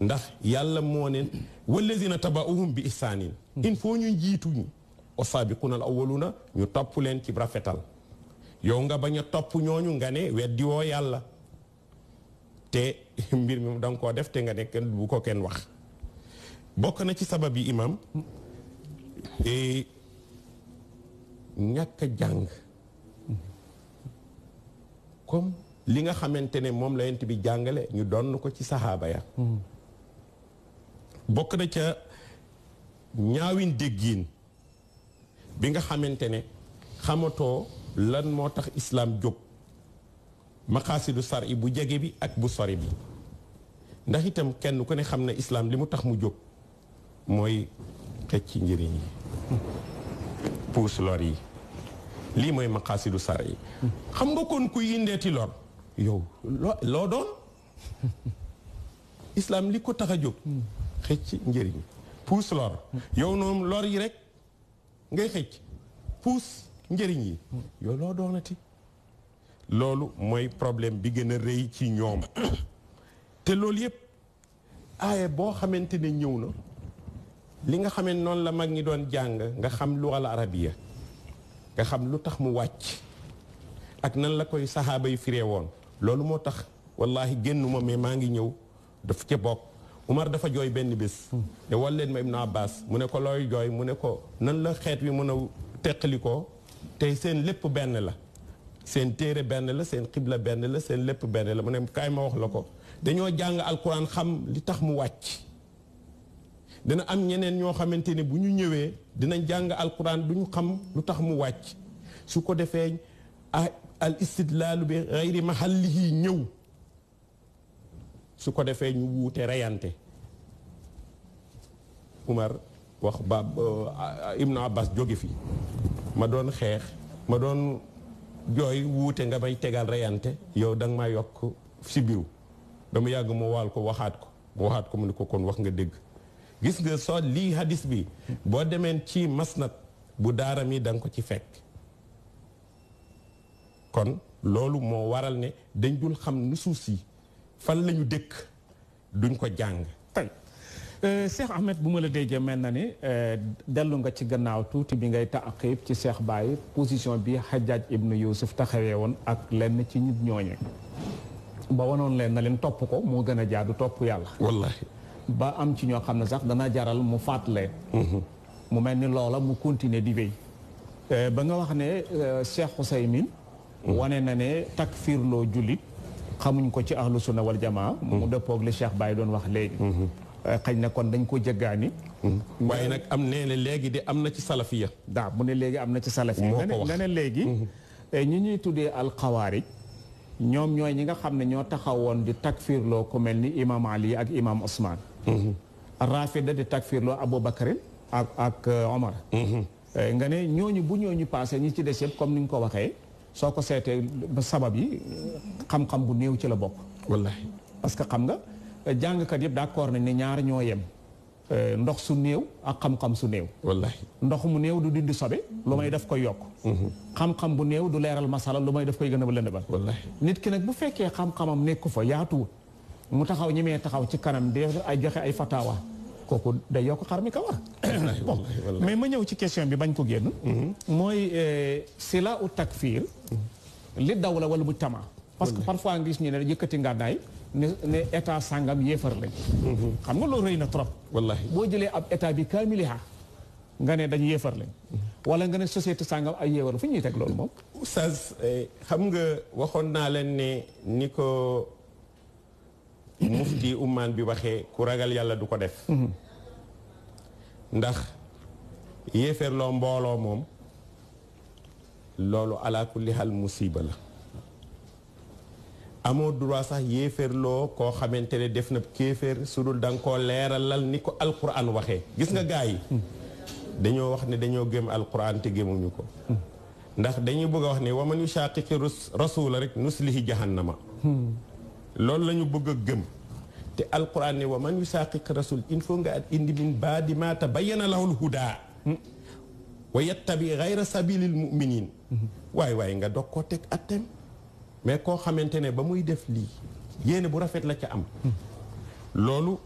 ndax yàlla moo neen wallazina tabauhum bi ihsaanin il faut ñu jiituñu ku na wasaabiquuna wolu na ñu topp leen ci rafetal yow nga bañ a topp ñooñu nga ne weddi woo yàlla te mbir mi da nga koo def te nga ne bu ko kenn wax bokk na ci sabab yi imam e, ñàkk a jàng comme li nga xamante ne moom la yent bi jàngale ñu doon ko ci saxaaba ya hmm. bokk na ca ñaawin déggiin bi nga xamante ne xamatoo lan moo tax islaam jóg maqaasidu sar i bu jege bi ak bu sori bi ndax itam kenn ku ne xam ne islaam li mu tax mu jóg mooy xëcc njëriñ yi puus lor yi lii mooy maqaasidu sar yi xam nga kon ku yindeeti lor yow loo doon islaam li ko tax a jóg hmm. xëcc njëriñ puus lor yow noonu lor yi rek ngay xëcc puus njëriñ yi yow loo doonati loolu mooy problème bi gën a rëy ci ñoom te loolu yëpp aaye boo xamante ne ñëw na li nga xamee noonu la mag ngi doon jàng nga xam lu al arabiya nga xam lu tax mu wàcc ak nan la koy saxaaba yi firee woon loolu moo tax wallaahi génnuma mais maa ngi ñëw daf ca bokk Umar dafa jooy benn bés. te wal leen ma Ibnu Abbas mu ne ko looy jooy mu ne ko nan la xeet wi mën a teqali ko te seen lépp benn la. seen téere benn la seen xibla benn la seen lépp benn la mu ne kaay ma wax la ko dañoo jàng alquran xam li tax mu wàcc. dina am ñeneen ñoo xamante ne bu ñu ñëwee dinañ jàng alquran du ñu xam lu tax mu wàcc su ko defee al istidlaalu bi xayri mahallihi ñëw. su ko defee ñu wuute reyante Umar wax ba na Abbas jóge fi ma doon xeex ma doon jooy wuute nga may tegal reyante yow danga nga ma yokk si biiru dama yàgg mu waal ko waxaat ko mu waxaat ko mu ni ko kon wax nga dégg gis nga soo lii hadis bi boo demee ci masnad bu daara mi danga ko ci fekk kon loolu moo waral ne dañ dul xam nusuus yi fan lañu dëkk duñ ko jàng tey euh, Cheikh Ahmed bu ma la déggee mel na ni euh, dellu nga ci gannaaw tuuti bi ngay taqib ci Cheikh Baye position bi Hajjaj ibnu Yusuf taxawee woon ak lenn ci nit ñooñe ba wanoon leen na leen topp ko moo gën a jaadu topp yàlla wallaahi ba am ci ñoo xam ne sax dana jaral mu faat leen mm-hmm. mu mel ni loola mu continuer di wéy euh, ba nga wax ne Cheikh Ousaymin mm-hmm. wane na ne takk takfirloo jullit xamuñ ko ci ahlu sunna wal jamaa mu mm-hmm. dëppoog li Cheikh Baye doon wax léegi mm-hmm. eh, xañ na kon dañ ko jëggaani mm-hmm. waaye nag am nee léegi di am na ci salafiya daa mu ne léegi am na ci salafiya nga ne léegi eh, ñi ñuy tuddee alxawaarij ñoom ñooy ñi nga xam ne ñoo taxawoon di takfiirloo ku mel ni imam ali ak imam osman da di takfiirloo abou bakarin ak ak eh, omar nga ne ñooñu bu ñooñu passé ñi ci des yëpp comme ni nga ko waxee soo ko seetee sabab yi xam-xam bu néew ci la bokk. wallaahi parce que xam nga jàngkat yëpp d'accord nañ ne ñaar ñoo yem. Euh, ndox su néew ak xam-xam su néew. wallaahi ndox mu néew du dindi sobe. lu may def ko yokk. Mm-hmm. xam-xam bu néew du leeral masala lu may def koy gën a lënd ba. wallaahi nit ki nag bu fekkee xam-xamam nekku fa yaatu mu taxaw ñi mee taxaw ci kanam de ay joxe ay fataawa. kooku day yokk xar mi ka mais ma ñëw ci question bi bañ ko génn mm-hmm. mooy euh, sila u takfir mm-hmm. li daw la wala bu tama parce que mm-hmm. parfois nga gis ñu ne yëkkati ngàddaay ne ne état sàngam yéefar lañ xam nga loolu rëy na trop wallaahi boo jëlee ab état bi kaamiliha nga ne dañ yéefar lañ wala nga ne société sàngam ay yéefar fu ñuy teg loolu moom oustaz eh, xam nga waxoon naa leen ne ni ko mufti ummaan bi waxee ku ragal yàlla du ko def ndax yéeféerloo mbooloo moom loolu ala kulli hal la amoo droit sax yéeféerloo koo xamante ne def na kéeféer su dul danga koo leeralal ni ko alquran waxee gis nga gaa yi dañoo wax ne dañoo gëm alquran te gëmuñu ko ndax dañu bëgg a wax ne waman yu shaqiqi rasula rek nuslihi jahannama loolu la ñu bëgg a gëm te alquran ne wa man yusaqiq rasul il faut nga at indi min baadi ma tabayyana lahul huda wa yattabi gayra sabilil muminin waaye waaye nga doog koo teg attem mais koo xamante ne ba muy def lii yéene bu rafet la ca am loolu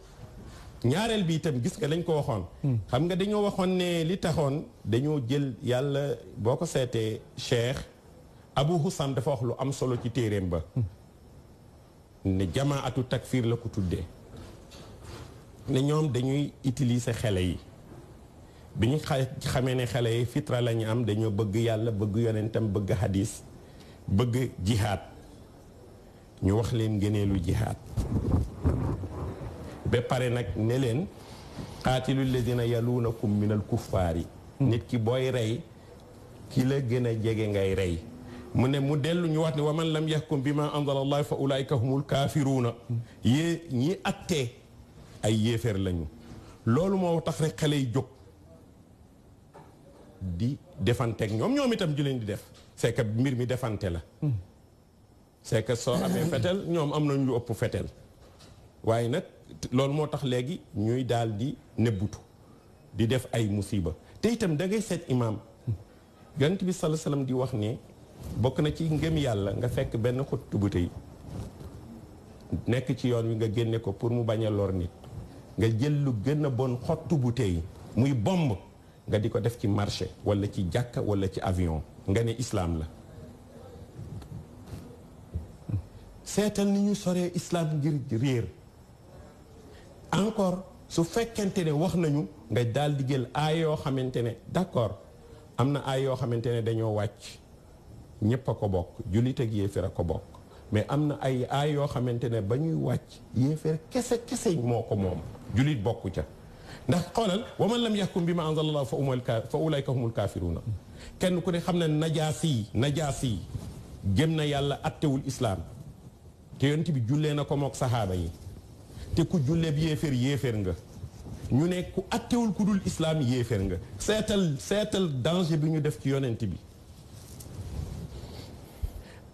ñaareel bi itam gis nga dañ ko waxoon xam nga dañoo waxoon ne li taxoon dañoo jël yàlla boo ko seetee cheikh abu husam dafa wax lu am solo ci téereem ba ne jamaatu takfir la ko tuddee ne ñoom dañuy utiliser xele yi bi ñu xamee ne xele yi fitra lañu am dañoo bëgg yàlla bëgg yonentam bëgg hadis bëgg jihaad ñu wax leen ngëneelu jihaad ba pare nag ne leen qaatilu ladina yaluunakum minal yi hmm. nit ki booy rey ki la gën a jege ngay rey mu ne mu dellu ñu wax ne wa man lam yahkum bi ma anzala allah fa ulaayka humul kaafiruuna yée ñi attee ay yéeféer lañu loolu moo tax rek xale yi jóg di defanteek ñoom ñoom itam di leen di def c'est que mbir mi defante la c'est que soo amee fetel ñoom am nañ lu ëpp fetel waaye nag loolu moo tax léegi ñuy daal di nebbutu di def ay musiba te itam da ngay seet imaam yonent bi sallallahu alayhi di wax ne bokk na ci ngëm yàlla nga fekk benn xottu butéy nekk ci yoon wi nga génne ko pour mu bañ a lor nit nga jël lu gën a bon xottu butéy muy bomb nga di ko def ci marché walla ci jàkka wala ci avion nga ne islaam la seetal ni ñu soree islaam ngir réer encore su fekkente ne wax nañu nga daal di jël aay yoo xamante ne d'accord am na aay yoo xamante ne dañoo wàcc ñëpp a ko bokk jullit ak yéeféer a ko bokk mais am na ay aay yoo xamante ne ba ñuy wàcc yéeféer kese kese moo ko moom jullit bokku ca ndax xoolal wa man lam yaxkum bi ma anzala allah fa umal fa kaafiruuna kenn ku ne xam ne najaasi najaasi gëm na yàlla attewul islaam te yonent bi jullee na ko mook saxaaba yi te ku julleeb yéeféer yéeféer nga ñu ne ku attewul ku dul islaam yéeféer nga seetal seetal danger bi ñu def ci yonent bi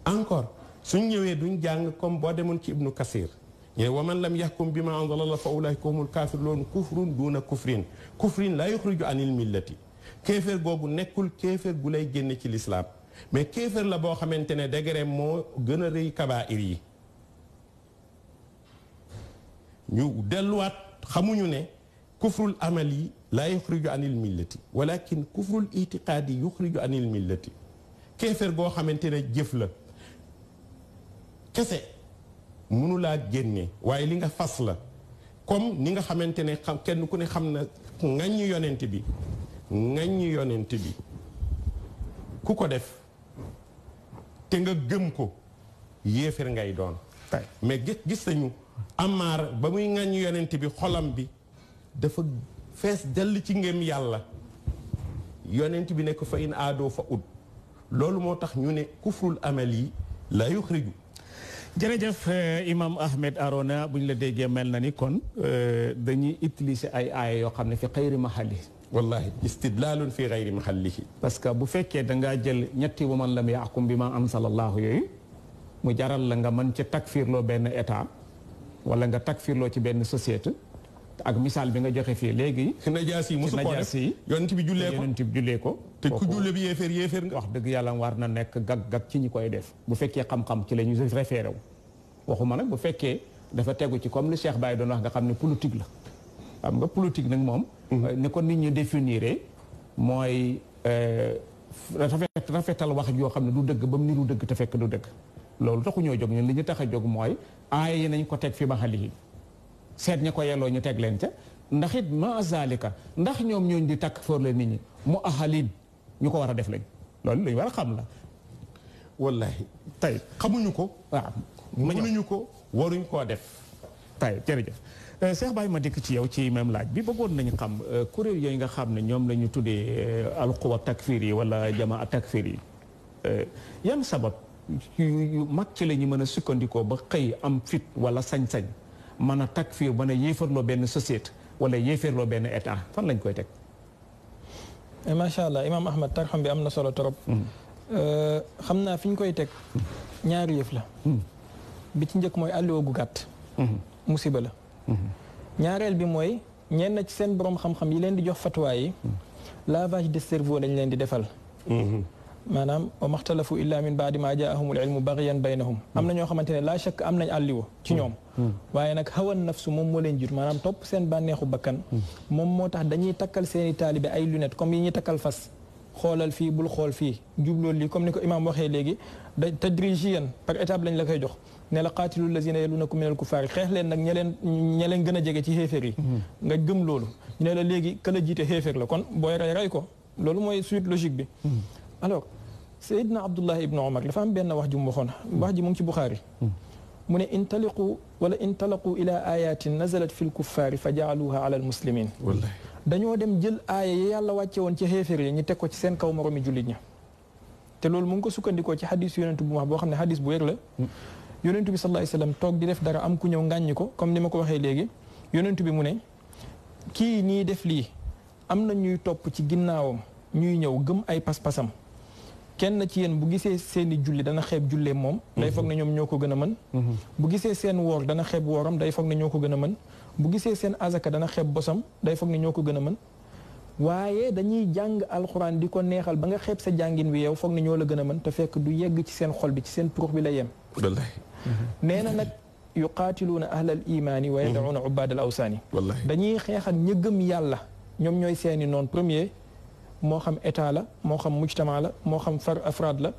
encore suñ ñëwee duñ jàng comme boo demoon ci ibnu kasir ñu ne lam yaxkum bi ma anzalalla fa ulaika humul kaafiruun kufrun duuna kufrin kufrin la yuxriju anil millati kéeféer googu nekkul kéeféer gu lay génne ci lislaam mais kéeféer la boo xamante ne degré moo gën a rëy kabaa'ir yi ñu delluwaat xamuñu ne kufrul amal yi laa yuxriju anil millati walakin kufrul itiqaadi yuxriju anil millati kéeféer goo xamante ne jëf la kese mënulaa génne waaye li nga fas la comme ni nga xamante ne xam kenn ku ne xam na ŋaññu yonent bi ŋaññu yonent bi ku ko def te nga gëm ko yéefér ngay doon mais gis gis nañu amaar ba muy ŋaññu yonent bi xolam bi dafa fees dell ci ngëm yàlla yonent bi nekk fa in aadoo fa ut loolu moo tax ñu ne kufrul amal yi la yuxriju jërëjëf euh, imam Ahmed Arona bu ñu la déggee mel na ni kon euh, dañuy utiliser ay aaya yoo xam ne fi xayri mahalli wallahi istidlaalun fi xayri mahallihi parce que bu fekkee dangaa jël ñetti wa man lam yaakum bi ma ansalallaahu yooyu mu jaral la nga mën ci takfirloo benn état wala nga takfirloo ci benn société ak misaal bi nga joxe fii léegi. najaas yi mosu ko def yonent bi jullee ko yonent bi jullee ko. te ku jullee bi yéeféer yéeféer nga. wax dëgg yàlla war na nekk gag-gag ci ñi koy def. bu fekkee xam ci la ñu référé wu waxuma nag bu fekkee dafa tegu ci comme li Cheikh Baye doon wax nga xam ne politique la. xam nga politique nag moom. Mm-hmm. Euh, ni ko nit ñi définir mooy euh, rafetal wax yoo xam ne du dëgg ba mu niru dëgg te fekk du dëgg. loolu taxu ñoo jóg ñun li ñu tax a jóg mooy aay nañ ko teg fi ba xali seet ña ko yelloo ñu teg leen ca ndaxit it ma zalika ndax ñoom ñooñ di takk foor la nit mu ahalin ñu ko war a def lañ loolu lu war a xam la wallahi tay xamuñu ko waaw mënuñu ko waruñ koo def tay jërëjëf euh, Cheikh Baye ma dikk ci yow ci même laaj bi bëggoon nañu xam euh, kuréel yooyu nga xam ne ñoom la ñu tuddee euh, alquwa fiir yi wala jamaa takfir yi yan sabab yu mag ci la ñu mën a sukkandikoo ba xëy am fit wala sañ-sañ mën a takfiir mën a yéefarloo benn société wala yéefarloo benn état fan lañ koy teg. macha allah imaam Ahmad tarxam bi am na solo trop. Mm. Euh, xam naa fi ñu koy teg ñaari yëf la. Mm. bi ci njëkk mooy àlluwa gu gàtt. Mm. musiba la. ñaareel bi mooy ñenn seen borom xam-xam yi leen di jox fatwa yi lavage de cerveau lañ leen di defal. Mm-hmm. maanaam wa maxtalafu illa min baadi ma jaahumul ilmu bagiyan baynahum am na ñoo xamante ne laa shakk am nañ àlliwo ci ñoom waaye nag xawan nafsu moom moo leen jur maanaam topp seen bànneexu bakkan moom moo tax dañuy takkal seen i taalibe ay lunette comme yi ñuy takkal fas xoolal fii bul xool fii jublool lii comme ni ko imaam waxee léegi da tadrijiyan par étape lañ la koy jox ne la qaatilu lazina yalunakum minal kufaari xeex leen nag ña leen ña a jege ci xéeféer yi nga jëm loolu ñu ne la léegi ka la jiite xéeféer la kon booy rey rey ko loolu mooy suite bi alors Seydina Abdullah ibn Omar dafa am benn wax ju mu waxoon wax ji mu ngi ci Buxaari mu ne intaliqu wala intalaqu ila ayatin nazalat fi lkuffaari fa jaaluha ala almuslimin dañoo dem jël aaya yi yàlla wàcce woon ci xeeféer yi ñu teg ko ci seen kaw moromi jullit ña te loolu mu ngi ko sukkandikoo ci xadis yonentu boo xam ne xadis bu wér la yonentu bi sallallahu alayhi wasallam toog di def dara am ku ñëw ngàññi ko comme ni ko waxee léegi bi mu ne kii nii def lii am na ñuy topp ci ginnaawam ñuy ñëw gëm ay pas-pasam kenn ci yéen bu gisee seeni julli dana xeeb jullee moom day foog ne ñoom ñoo ko gën a mën mm-hmm. bu gisee seen woor dana xeeb wooram day foog na ñoo ko gën a mën bu gisee seen azaka dana xeeb bosam day foog ne ñoo ko gën a mën waaye dañuy jàng alxuraan di ko neexal ba nga xeeb sa jàngin wi yow foog ne ñoo la gën a mën te fekk du yegg ci seen xol bi ci seen turux bi la yem mm-hmm. nee na nag yuqaatiluuna ahlal imaani wa yadaruuna mm-hmm. ubaadal awsaani dañuy xeex ak ña gëm yàlla ñoom ñooy seeni noon premier moo xam état la moo xam mujtama la moo xam far afraad la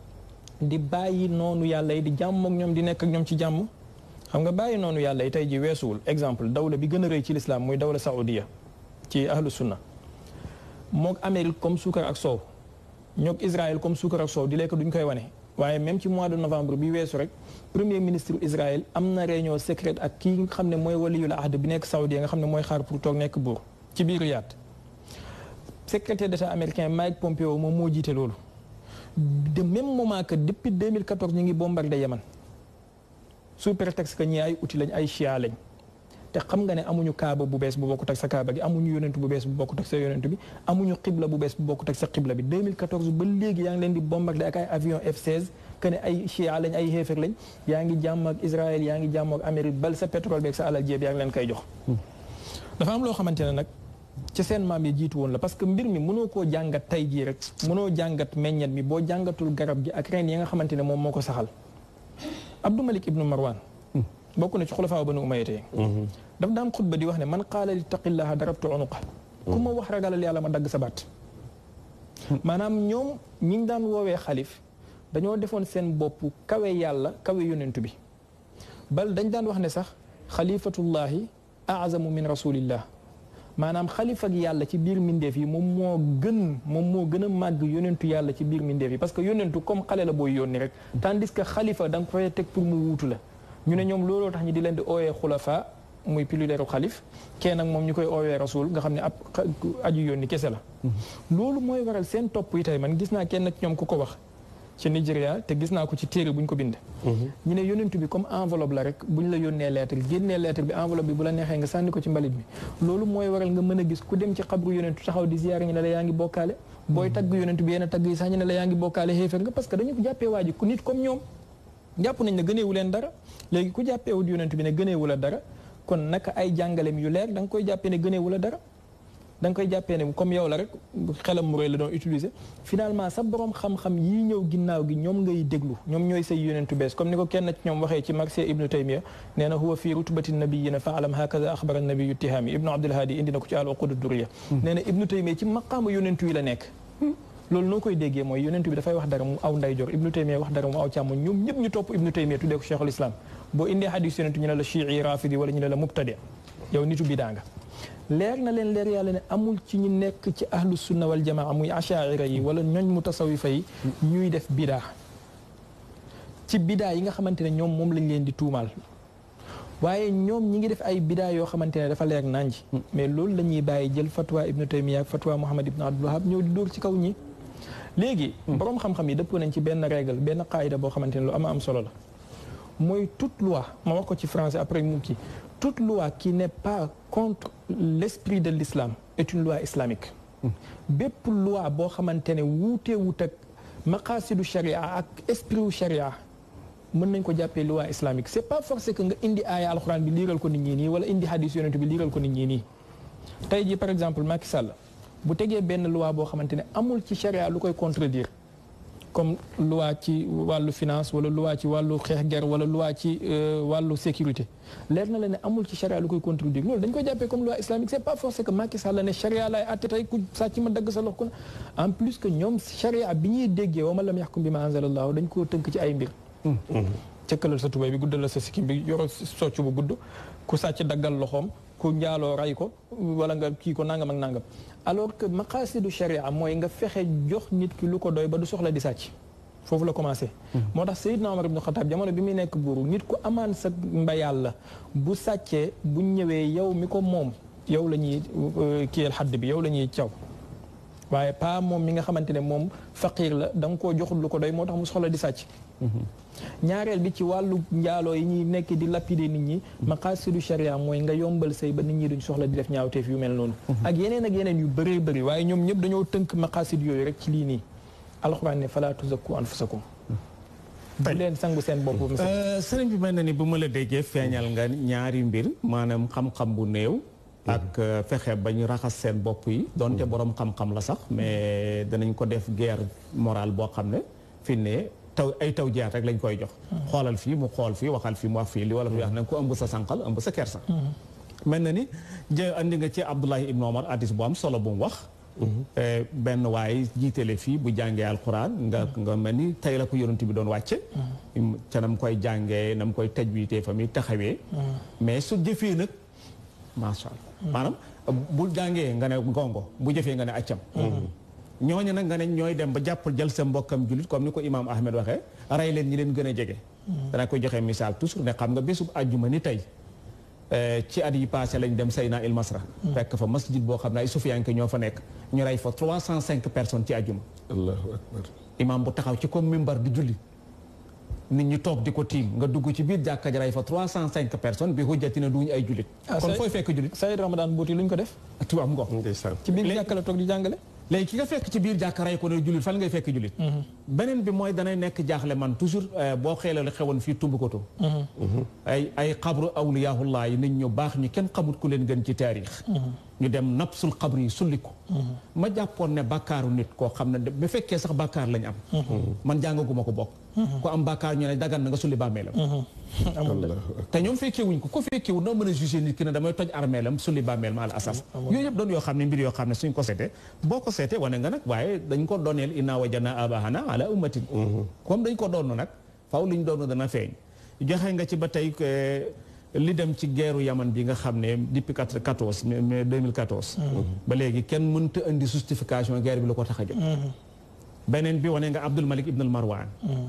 di bàyyi noonu yàlla yi di jàmm ak ñoom di nekk ak ñoom ci jàmm xam nga bàyyi noonu yàlla yi tey ji weesuwul exemple dawla bi gën a rëy ci lislaam muy dawla saoudia ci ahlu sunna moog Amérique comme suukar ak soow ñoog Israël comme suukar ak soow di lekk duñ koy wane waaye même ci mois de novembre bi weesu rek premier ministre Israël am na réunion secrète ak kii nga xam ne mooy waliyul ahd bi nekk saoudia nga xam ne mooy xaar pour toog nekk buur ci biir secrétaire d'état américain Mike Pompeo moom moo jiite loolu de même moment que depuis 2014 ñu ngi bombardé yeman sous prétexte que ñi ay outil lañ ay chia lañ te xam nga ne amuñu kaaba bu bees bu bokkut ak sa kaaba gi amuñu bu bees bu bokkut ak sa yonentu bi amuñu xibla bu bees bu bokkut ak sa xibla ba léegi yaa ngi leen di bombardé ak ay avion F16 ay chia lañ ay xeefeer lañ yaa ngi jàmm ak Israël yaa ngi jàmm ak Amérique bal sa pétrole beeg sa alal jéeb yaa ngi leen koy jox hmm. dafa am loo xamante ne nag ci seen maam yi jiitu woon la parce que mbir mi mënoo koo jàngat tey jii rek mënoo jàngat meññet mi boo jàngatul garab gi ak reen yi nga xamante ne moom moo ko saxal Abdou Malik ibnu Marwan hmm. bokk na ci xulafaaw banu umayate hmm. daf daan xutba di wax ne man qaala li taqillaha darabtu unuqa ku ma wax ragalal yàlla ma dagg sa baat hmm. maanaam ñoom ñi ngi daan woowee xalif dañoo defoon seen boppu kawe yàlla kawe yonentu bi bal dañ daan wax ne sax xalifatullahi azamu min rasulillah maanaam xalifa ak yàlla ci biir mbindeef yi moom moo gën moom moo gën a màgg yonentu yàlla ci biir mbindeef yi parce que yonentu comme xale la booy yónni rek tandis que xalifa da nga koy teg pour mu wuutu la ñu ne ñoom looloo tax ñu di leen di ooyee xulafa muy plurielu xalif kenn nag moom ñu koy oowee rasul nga xam ne ab aju yónni kese la mm-hmm. loolu mooy waral seen topp yi tey man gis naa kenn nag ñoom ku ko wax ci Nigéria te gis naa ko ci téere bu ñu ko bind mhm. ñu ne yonent bi comme enveloppe la rek bu ñu la yónnee lettre génnee lettre bi enveloppe bi bu la neexee nga sànni ko ci mbalit bi loolu mooy waral nga mën a gis ku dem ci xabru yonent taxaw di ziyaar ngi bokkaale booy mhm. tagg yonent bi yenn tagg yi sax ñu ne la yaa ngi bokkaale xéeféer nga parce que dañu ko jàppee waa ji nit comme ñoom jàpp nañ ne gëneewu leen dara léegi ku jàppeewut yonent bi ne gëneewu la dara kon naka ay jàngaleem yu leer da nga koy jàppee ne gëneewu la dara danga koy jàppee ne comme yow la rek xelam mu rëy la doon utiliser finalement sa borom xam-xam yi ñëw ginnaaw gi ñoom ngay déglu ñoom ñooy say yonentu bees ni ko kenn ci ñoom waxee ci marsiya ibnu taymiya nee na huwa fii rutbati nabiyina fa alam hakaza axbara nabiyu ibnu taymiya ci maqaama yonentu la nekk hmm. loolu noo koy déggee mooy yonentu bi dafay wax dara mu aw ndeyjoor ibnu taymiya wax dara mu aw càmmoñ ñoom ñëpp ñu topp ibnu taymiya leer na leen leer yàlla ne amul ci ñu nekk ci ahlu sunna wal jamaa muy achaira yi wala ñooñ mu tasawifa yi ñuy def bidaa ci bidaa yi nga xamante ne ñoom moom lañ leen di tuumaal waaye ñoom ñi ngi def ay bidaa yoo xamante ne dafa leer nañ mais loolu la ñuy bàyyi jël fatwa ibnu taymiya ak fatwa muhammad ibnu abdul wahab ñëw di dóor ci kaw ñi léegi boroom xam-xam yi dëpp nañ ci benn règle benn qaayida boo xamante ne lu ama am solo la mooy toute loi ma ci français après mu kii toute loi qui n'est pas contre l'esprit de l'islam est une loi islamique bépp loi boo xamante ne wuutee wut ak maqaasidu sharia ak esprit wu sharia mën nañ ko jàppee loi islamique c'est pas forcé que nga indi aaya alxuraan bi liiral ko nit ñi nii wala indi hadis yonent bi liiral ko nit ñi nii tey ji par exemple Macky Sall bu tegee benn loi boo xamante ne amul ci sharia lu koy contredire comme loi ci wàllu finance wala loi ci wàllu xeex guerre wala loi ci euh, wàllu sécurité leer na la ne amul ci charia lu koy contribuer loolu dañ koy jàppee comme loi islamique c'est pas forcé que Macky Sall la ne charia laay atte tey ku sàcc ma dagg sa lox ko en plus que ñoom charia bi ñuy déggee wa man lam yaxkum bi ma anzalallahu dañ koo tënk ci ay mbir cëkkalal sa tubay bi guddal la sa sikkim bi yoro socc bu gudd ku sàcc daggal loxoom ku njaaloo ray ko wala nga kii ko nangam ak nangam alors que maqaasidu sharia mooy nga fexe jox nit ki lu ko doy ba du soxla di sàcc foofu la commencé mm-hmm. moo tax na Seydina Omar ibn Khattab jamono bi muy nekk buuru nit ku amaan sa mbayaal la bu sàccee bu ñëwee yow mi ko moom yow la ñuy euh, kiyal xadd bi yow la ñuy caw waaye pas moom mi nga xamante ne moom faqiir la da nga koo joxul lu ko doy moo tax mu soxla di sàcc mm-hmm. ñaareel bi ci wàllu njaaloo yi ñuy nekk di lapider nit ñi maqaasidu sharia mooy nga yombal sëy ba nit ñi dañu soxla di def ñaawteef yu mel noonu mhm. ak yeneen ak yeneen yu bëree bëri waaye ñoom ñëpp dañoo tënk maqaasid yooyu rek ci lii nii alxuraan ne falaa tuzakku anfusakum bu mhm. leen sangu seen bopp euh, sëriñ bi mel na ni bu ma la déggee feeñal nga ñaari mbir maanaam xam-xam bu néew ak mhm. euh, fexe ba ñu raxas seen bopp yi donte borom xam-xam la sax mais danañ ko def guerre morale boo xam ne taw ay taw jeex rek lañ koy jox xoolal fii mu xool fii waxal fii mu wax fii li wala fi wax nanga ko ëmb sa sànqal ëmb sa kersa mel na ni jë andi nga ci Abdullahi ibn Omar addis bu am solo bu wax eh, benn waaye jiitale fii bu jàngee alxuraan nga nga mel ni tey la ko yonent bi doon wàcce ca nam koy jàngee nam koy taj wiitee fa muy taxawee mais su jëfee nag macha allah maanaam bu jàngee nga ne gongo bu jëfee nga ne accam ñooñu nag nga ne ñooy dem ba jàpp jël sa mbokkam jullit comme ni ko imaam Ahmed waxee rey leen ñi leen gën a jege. Mm. danaa ko joxe misaal toujours ne xam nga bésub àjjuma ni tey eh, ci at yi passé lañ dem Seyna il Masra. Mm. fekk fa masjid boo xam ne ay sufiyanke ñoo nekk ñu rey fa 305 personnes ci àjjuma. allahu imaam bu taxaw ci comme mimbar di julli. nit ñi toog di ko tiim nga dugg ci biir jàkka jaray fa 305 personnes bi hujjati ne duñu ay jullit. Ah, kon fooy fekk jullit. Sayyid Ramadan Buuti luñ ko def. tubaab ngox ci biir jàkka la toog di jàngale. léegi ki nga fekk ci biir jàkk ray ko ne jullit fan ngay fekk jullit mhm. beneen bi mooy danay nekk jaaxle man toujours eh, boo xeelale xewoon fii Tombouctou mhm. ay ay xabru awliyahullaa yi nit ñu baax ñi kenn xamut ku leen gën ci taarix mhm. ñu dem napsul xabri yi sulli ko ma jàppoon ne bàkkaaru nit koo xam ne bu fekkee sax bàkkaar lañ am man jàngaguma ko bokk ku am bàkkaar ñu ne dagan na nga sulli bàmmeelam te ñoom fekkee wuñ ko ko fekkee wu noo mën a jugé nit ki ne damay toj armeelam sulli bàmmeelam al asas mm-hmm. yooyu yëpp doon yoo xam ne mbir yoo suñ ko seete boo ko seete wane nga nag waaye dañ ko dooneel inna wajana abahana ala ummatin mm-hmm. comme dañ ko doon nag faw liñ doon dana feeñ joxe li dem ci geeru yaman bi nga xam ne depuis quatre quatorze mais de mille quatorze mm-hmm. ba léegi kenn mënta indi justification guerre bi la ko tax a jóg mm-hmm. beneen bi wane nga Abdul Malik ibn al Marwan mm-hmm.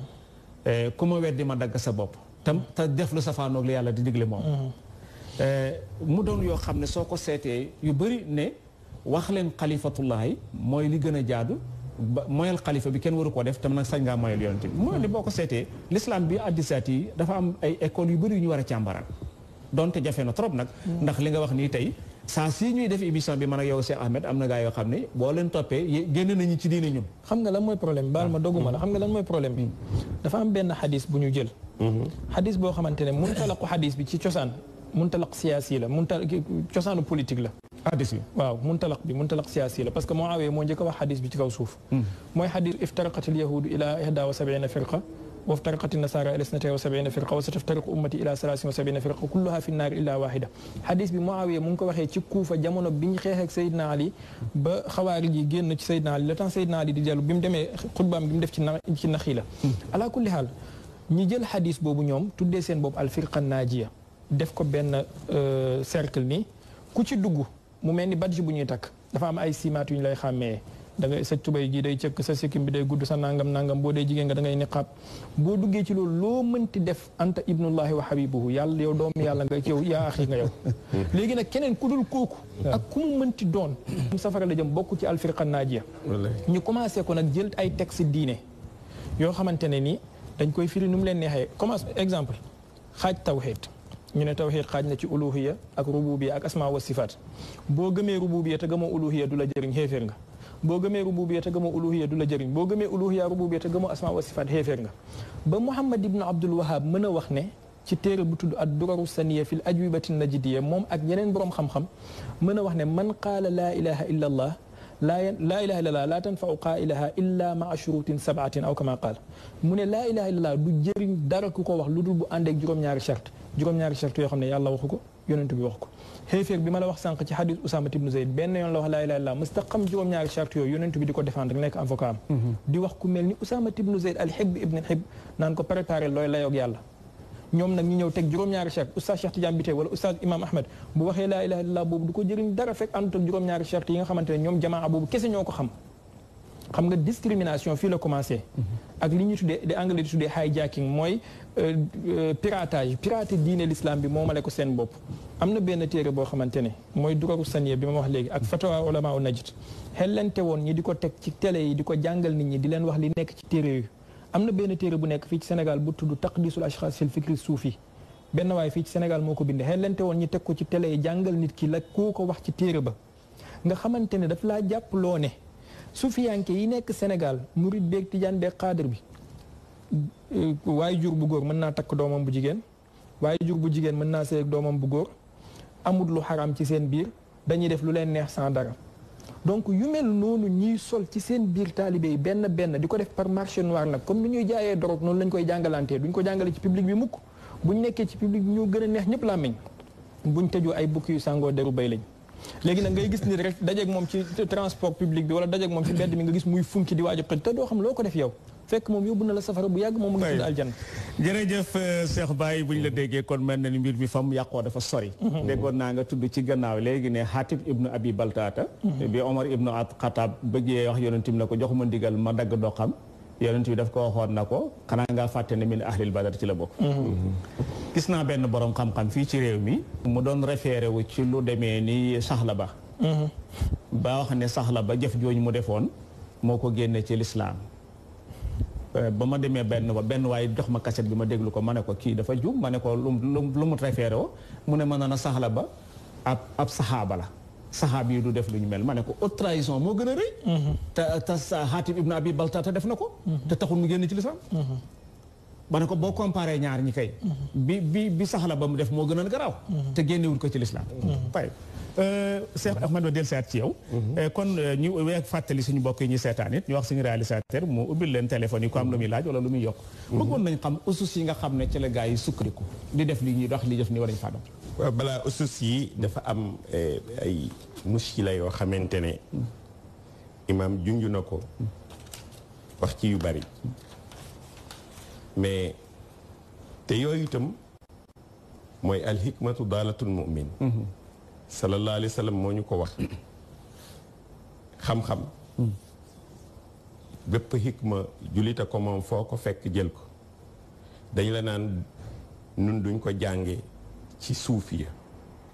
eh, ku ma weddi ma dagg sa bopp tam te def lu safaanoog li yàlla di digle moom eh, mu doon yoo xam ne soo ko seetee yu bëri ne wax leen xalifatullahi mooy li gën a jaadu moyal xalifa bi kenn waru koo def tam nag sañ ngaa moyal yonent mooy li boo ko seetee l'islam bi addisat yi dafa am ay écoles yu bëri ñu war a càmbaraan donte jafe na trop nag mm. ndax li nga wax nii tey saa si ñuy def émission bi man ak yow Cheikh Ahmed am na gaa yoo xam ne boo leen toppee génn nañu ci diine ñun xam nga lan mooy problème bi baal ma ah. dogguma la mm-hmm. xam nga lan mooy problème bi mm-hmm. dafa am benn xadis bu ñu jël mm-hmm. xadis boo xamante ne muntalaqu xadis bi ci cosaan muntalaq siyaasi la munta cosaanu politique la xadis la parce que moo awee moo njëkk a wax xadis bi ci kaw suuf mm. mooy xadis iftaraqat al ila ihda wa sabina وافترقت النصارى إلى 72 فرقة وستفترق أمتي إلى 73 فرقة كلها في النار إلا واحدة حديث bi Muawiya mu ngi ko waxee ci Kuufa jamono bi ñu xeex ak Seydina Ali ba xawaarij yi génn ci Seydina Ali le temps Seydina Ali di dellu bi mu demee xutbaam bi mu def ci na ci naxi la ala kulli haal ñi jël xadis boobu ñoom tuddee seen bopp alfirqa naajiya def ko benn euh, cercle ni ku ci dugg mu mel ni badge bu ñuy takk dafa am ay simaat yu ñu lay xàmmee da ngay sa tubay ji day cëkk sa sikkim bi day gudd sa nangam nangam boo dee jigéen nga da ngay niqaab boo duggee ci loolu loo mënti def anta ibnullahi wa habibuhu yàlla yow doom yàlla nga yow yaa axi nga léegi nag keneen ku dul kooku ak ku mu mu safara la jëm bokk ci alfirqa naajiya ñu commencé ko nag jël ay texte diine yoo xamante ne ni dañ koy firi nu mu leen neexee commence exemple xaaj tawhid ñu ne tawhid xaaj na ci uluhiya ak rububiya ak asma wa sifaat boo gëmee rububiya te gëmoo uluhiya du la jëriñ xéeféer nga boo gëmee rububiya te gëmoo uluhiya du la jëriñ boo gëmee uluhiya rububiya te gëmoo asma wa sifaat xéeféer nga ba Muhammad ibnu Abdul Wahab mën a wax ne ci téere bu tudd ad duraru saniya fil ajwibati najidiya moom ak yeneen borom xam-xam mën a wax ne man qaala laa ilaha illa allah laa laa ilaha illa laa tanfau qaailaha illa maa shurutin sabaatin aw kama qaal mu ne laa ilaha illa allah du jëriñ dara ku ko wax lu dul bu àndeek juróom-ñaari charte juróom-ñaari charte yoo xam ne yàlla waxu ko yonentu bi waxu ko xéeféer bi ma la wax sànq ci xadis Usaama ibnu Zayd benn yoon la wax laa ilaaha illallaah mustaqam juróom-ñaari charte yooyu yonent bi di ko défendre nekk avocat am mhm. di wax ku mel ni Usaama ibnu Zayd al xib ibnu naan ko préparé looy layoog yàlla ñoom nag ñu ñëw teg juróom-ñaari charte oustaz Cheikh Tidiane Bitèye wala oustaz Imam Ahmed bu ko jëriñ dara fekk àndut ak juróom-ñaari charte yi nga xamante ne ñoom jamaa boobu kese ñoo ko xam xam nga discrimination fii la commencé mhm. ak li ñu tuddee de anglais di tuddee hijacking mooy euh, euh, piratage pirate diine l'islam bi moomale ko seen bopp am na benn téere boo xamante ne mooy duraru saniya bi ma wax léegi ak fatawa ulama u najd xellente woon ñi di ko teg ci tele yi di ko jàngal nit ñi di leen wax li nekk ci téere yu am na benn téere bu nekk fii ci Sénégal bu tudd taqdisul ashxaas fil fikri suufi benn waaye fii ci Sénégal moo ko bindee xellente woon ñi teg ko ci tele yi jàngal nit ki la koo ko wax ci téere ba nga xamante ne daf laa jàpp loo ne sufiyanke yi nekk Sénégal murid beeg tijaan beeg xaadir bi eh, waaye jur bu góor mën naa takk doomam bu jigéen waaye jur bu jigéen mën naa seeg doomam bu góor amut lu xaram ci seen biir dañuy def lu leen neex sans dara donc yu mel noonu ñuy sol ci seen biir taalibe yi benn benn di ko def par marché noir nag comme ni ñuy jaayee dorog noonu lañ koy jàngalantee duñ ko jàngale ci public bi mukk buñ nekkee ci public bi ñoo gën a neex ñëpp làmmiñ buñ tëjoo ay bukki yu sàngoo deru bay lañ léegi nag ngay gis nit rek dajeeg moom ci transport public bi wala dajeeg moom ci mbedd mi nga gis muy funki di waaj a xëj te doo xam loo ko def yow fekk moom yóbbu na la safara bu yàgg moom mu ngi aljanna jërëjëf euh, Cheikh Baye bu ñu la déggee kon mel na ni mbir mi fam yàqoo dafa sori mhm. déggoon naa nga tudd ci gannaaw léegi ne Xaatib ibnu Abi Baltaata mhm. bi Omar ibnu Xataab bëggee wax yonent bi na ko jox ma ndigal ma dagg doxam yonent bi daf ko waxoon na ko xanaa ngaa fàtte ne mi min ahlil badar ci la bokk mhm. gis naa benn borom xam-xam fii ci réew mi mu doon référé wu ci lu demee ni saxla ba ba wax ne saxla ba jëf jooñ mu defoon moo ko génne ci lislaam Euh, ba ma demee benn wa benn waaye jox ma kaset bi ma déglu ko ma ne ko kii dafa juum ma ne ko lu mu référé woo mu ne ma naan saxla ba ab ab saxaaba la saxaab yi du def lu ñu mel ma ne ko haute trahison moo gën a rëy mm-hmm. te te Xaatib ibn Abi Baltaata def na ko mm-hmm. te taxul mu génn ci lislaam mm-hmm. ba ne ko boo comparé ñaar ñi kay. bi bi bi saxla ba mu def moo gënoon garaaw. te génnewul ko ci lislaam tey euh, Cheikh Ahmad ba del seet ci yow. Euh, kon euh, ñu weeg fàttali suñu mbokk yi ñu seetaan it ñu wax suñu réalisateur mu ubbil leen téléphone yi ko am lu muy laaj wala lu muy yokk. bëggoon nañ xam usus yi nga xam ne ci la gaa yi sukkandiku di def li ñuy dox li def nii war nañu faa doon. balaa usus yi dafa am ay muskila yoo xamante ne. imaam junj na ko wax ci yu bari. mais te yooyu itam mooy alhikmatu daalatul mu'min sallallahu alayhi wa moo ñu ko wax xam-xam bépp hikma julita ko moom foo ko fekk jël ko dañu la naan nun duñ ko jànge ci suufiya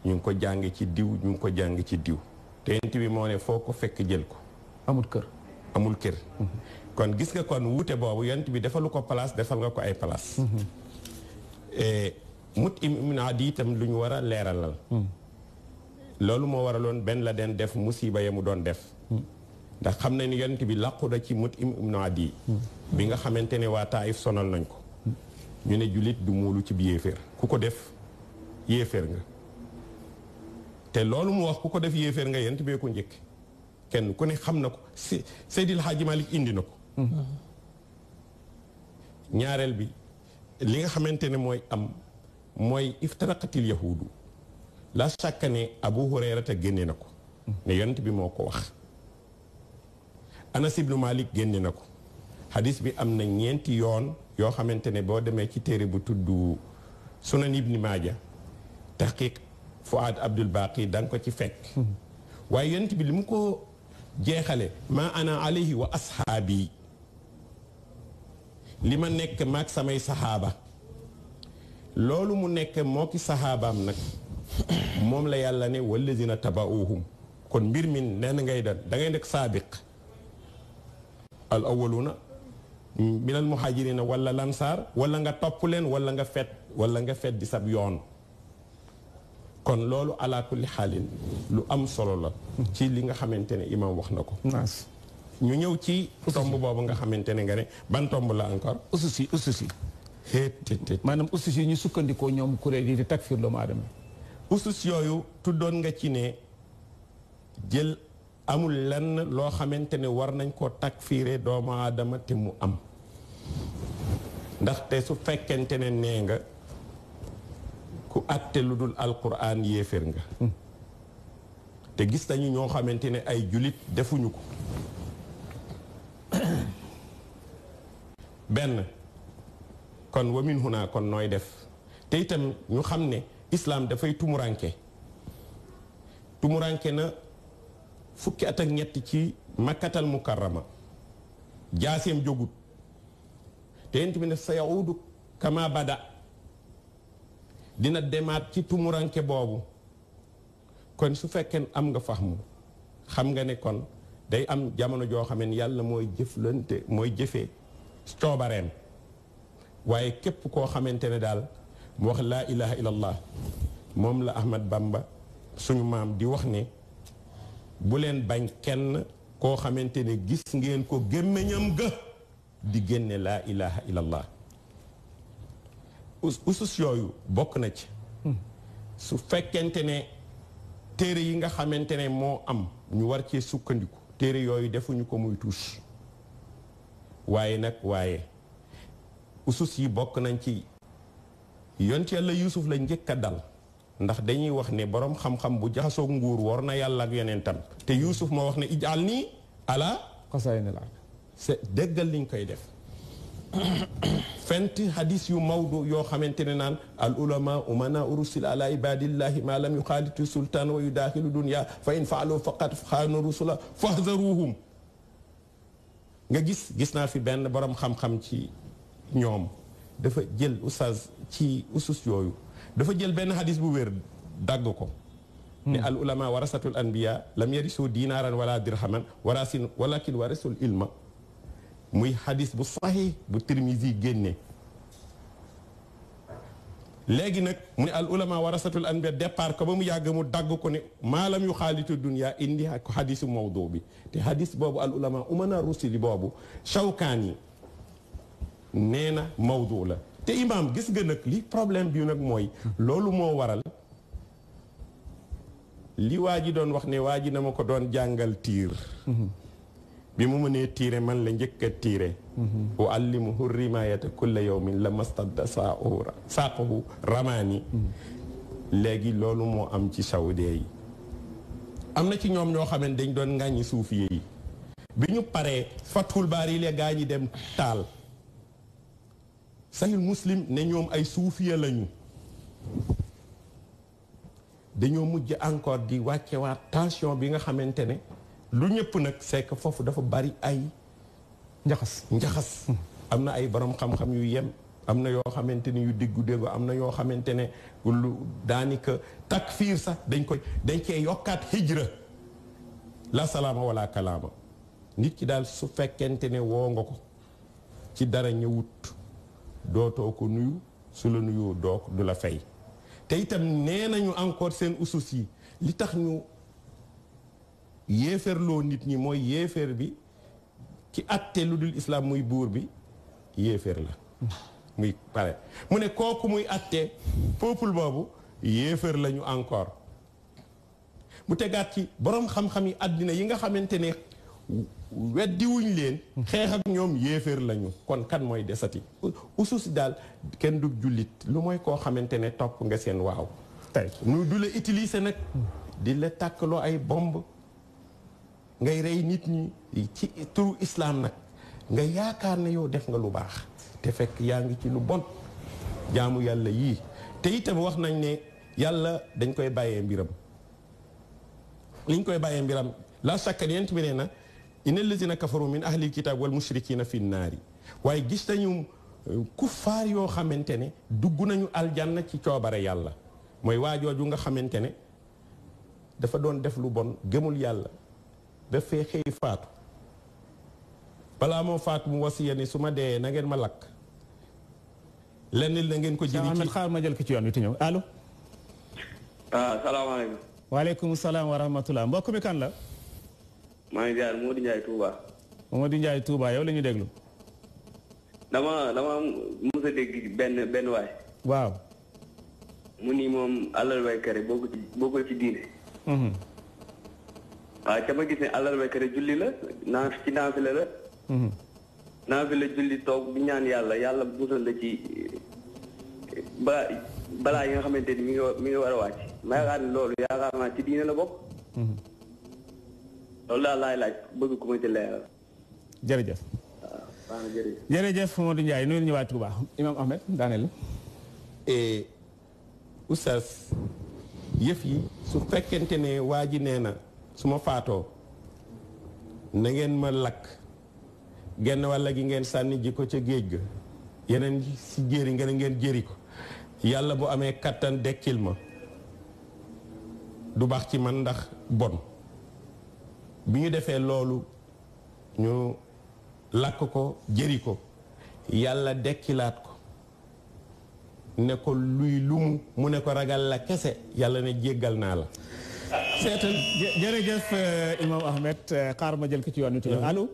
ñu ngi ko jànge ci diw ñu ngi ko jàng ci diw te yent bi moo ne foo ko fekk jël ko amul kër amul kër kon gis nga kon wuute boobu yant bi defalu ko place defal nga ko ay place mm-hmm. mut iminaa di itam lu ñu war a leeralal mm-hmm. loolu moo war a benn Ben den def musiba ya mu doon def mm-hmm. ndax xam na ni yonent bi làqu na ci mut iminaa di bi nga xamante ne waa Taayif sonal nañ ko ñu ne jullit du muulu ci bi yéeféer ku ko def yéeféer nga te loolu mu wax ku ko def yéeféer nga yonent bee ko njëkk kenn ku ne xam na ko Seydil Hadji Malick indi na ko Mm-hmm. ñaareel bi li nga xamante ne mooy am mooy iftaraqatil yahuudu la sàkka ne abu hurayrata génne na ko mm-hmm. ne yonent bi moo ko wax anas ibnu malik génne na ko hadis bi am na ñeenti yoon yoo xamante ne boo demee ci téere bu tuddu sunan ibni maaja taxqiq fuad abdul baqi da ko ci fekk mm-hmm. waaye yonent bi li mu ko jeexale maa ana alayhi wa ashaabi li ma nekk maag samay saxaaba loolu mu nekk moo ki saxaabaam nag moom la yàlla ne wallazina tabauhum kon mbir mi nee na ngay da dangay nekk saabiq al awaluna min al muhajirina wala lansaar wala nga topp leen walla nga fet wala nga fet di sab yoon kon loolu ala kulli xaalin lu am solo la ci li nga xamante ne imaam wax na ko ñu ñëw ci tomb boobu nga xamante ne nga ne ban tomb la encore usus yi usus yi maanaam usus yi ñu sukkandikoo ñoom kuréel yi di takfiir doomu aadama usus yooyu tuddoon nga ci ne jël amul lenn loo xamante ne war nañ koo takfiire doomu aadama te mu am ndaxte su fekkente ne nee nga ku àtte lu dul alquran yéeféer nga hmm. te gis nañu ñoo xamante ne ay julit defuñu ko benn kon wamin huna kon nooy def te itam ñu xam ne islaam dafay tumuranke tumuranke na fukki at ak ñett ci makkatal mukarrama jaaseem jógut te yent bi ne sa yaudu kama dina demaat ci tumuranke boobu kon su fekkee am nga mu xam nga ne kon day am jamono joo xam yàlla mooy jëflante mooy jëfe coobareen waaye képp koo xamante ne daal mu wax laa ilaha illallah moom la Ahmad Bamba suñu maam di wax ne buleen leen bañ kenn koo xamante ne gis ngeen ko gémmiñam ga di génne laa ilaha illallah usus yooyu bokk na ci hmm. su fekkente ne téere yi nga xamante ne moo am ñu war cee sukkandiku téere yooyu defuñu ko muy tuus waaye nag waaye usus yi bokk nañ ci yont yàlla yuusuf la njëkk a dal ndax dañuy wax ne boroom xam-xam bu jaxasoog nguur war na yàlla ak yeneentam te yuusuf moo wax ne ijaal nii ala xasaayinal ard déggal liñ koy def fent hadis yu mawdu yoo xamante ne naan al ulama umana urusil ala ibadillahi ma lam yuxaalitu sultan wa yudaaxilu dunia fa in faalu faqat xaanu rusula fahdaruhum nga gis gis naa fi benn boroom xam-xam ci ñoom dafa jël oustaz ci usus yooyu dafa jël benn hadis bu wér dagg ko ne hmm. al ulama warasatul anbiya lam yarisu dinaaran wala dirhaman warasin walakin warasul ilma muy xadis bu saxi bu yi génne léegi nag mu ne al ulama warasatul anbiya départ ko ba mu yàgg mu dagg ko ne maalam yu xaalitu dunia indi ak xadisu mawdu bi te xadis boobu al ulama umana rusuli boobu shawkaan yi nee na mawdu la te imaam gis nga nag li problème bi nag mooy loolu moo waral li waa ji doon wax ne waa ji na ma ko doon jàngal tiir mm-hmm. bi mu mënee tiire man la njëkk a tiire wa allimuhu rimayata kulla yawmin la mastadda saaqahu saaqahu ramaani léegi loolu moo am ci sawdee yi am na ci ñoom ñoo xamante dañ doon ngàññi suufiye yi bi ñu paree fathul baari le gaa ñi dem taal sahil muslim ne ñoom ay suufiya lañu dañoo mujj encore di wàccewaat tension bi nga xamante ne du ñëpp nag c'est que foofu dafa bari ay njaxas njaxas am na ay borom xam-xam yu yem am na yoo xamante ni yu diggu déggu am na yoo xamante ne lu daanaka takfiir sax dañ koy dañ cee yokkaat hijra la salaama wala kalaama nit ki daal su fekkente ne woo nga ko ci dara ñëwut dootoo ko nuyu su la nuyoo dook du la fay te itam nee nañu encore seen usus yi li tax ñu loo nit ñi mooy yéeféer bi ci atte lu dul islaam muy buur bi yéeféer la muy pare mu ne kooku muy atte peuple boobu yéeféer lañu encore mu tegaat ci boroom xam-xam yi àddina yi nga xamante ne weddiwuñ leen xeex ak ñoom yéeféer lañu kon kan mooy desati usus daal kenn du jullit lu mooy koo xamante ne topp nga seen waaw tey nu du la utiliser nag di la tàkkaloo ay bomb ngay rey nit ñi ci turu islam nag nga yaakaar ne yow def nga lu baax te fekk yaa ngi ci lu bon jaamu yàlla yii te itam wax nañ ne yàlla dañ koy bàyyee mbiram liñ koy bàyyee mbiram laa sakka yent bi nee na inna allazina kafaru min ahlil kitab wal mushrikina fi yi waaye gis nañu euh, kuffaar yoo xamante ne dugg nañu aljanna ci coobare yàlla mooy waajooju nga xamante ne dafa doon def lu bon gëmul yàlla dafay xëy faatu balaa moo faatu mu wasiya ni su ma dee na ngeen ma lakk lenn na ngeen ko jëli ci xaar ma jël ko ci yoon wi te ñëw allo asalaamaaleykum ah, waaleykum salaam wa rahmatullah mbokk mi kan la maa ngi jaar Modou Ndiaye Touba Modou yow la déglu dama dama mos a dégg benn waaw mu ni moom alal waykare boo ko ci boo ko ci diine mhm. waaw ca ma gis ne àllarba kër julli la naa ci naafila la. Mhm. naafila julli toog bi ñaan yàlla yàlla musal la ci ba balaa yi nga xamante ni mi ngi mi ngi war a wàcc ma yaakaar ne loolu yaakaar naa ci diine la bokk. Mhm. loolu daal laay laaj bëgg ku ma ci leeral. jërëjëf. waaw jërëjëf. jërëjëf Modou Ndiaye nuyu ñu waa Touba Imam Ahmed daaneel. E, yëf yi su fekkente ne waa ji nee na. su ma faatoo na ngeen ma lakk genn wàll gi ngeen sànni ji ko ca géej ga yeneen si jéeri ngeen ngeen jéeri ko yàlla bu amee kàttan dekkil ma du baax ci man ndax bon bi ñu defee loolu ñu lakk ko jëri ko yàlla dekkilaat ko ne ko luy lumu mu ne ko ragal la kese yàlla ne jéggal naa la seetal jërëjëf euh, Imam Ahmed euh, xaar ma jël ki ci yoon wi tuuti allo.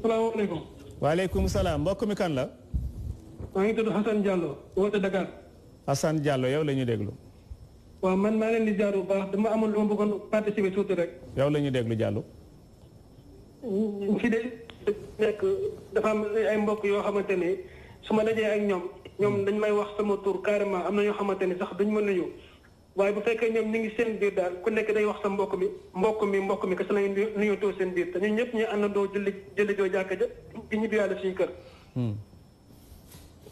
salaamaaleykum. waaleykum salaam mbokk mi kan la. maa ngi tudd Assane Diallo woote Dakar. Assane Diallo yow la ñu déglu. waaw man maa leen di jaar bu baax dama amoon lu ma bëggoon participer tuuti rek. yow la ñu déglu Diallo. fii de nekk dafa am ay mbokk yoo xamante ne su ma dajee ak ñoom ñoom dañ may wax sama tur carrément am na yoo xamante ne sax duñ ma nuyu. waaye bu fekkee ñoom ñu ngi seen biir daal ku nekk day wax sa mbokk mi mbokk mi mbokk mi kese lañu nuyu too seen biir te ñun ñëpp ñu àndandoo julli julli joo jàkk ja di ñibbi yàlla suñu kër. Hmm.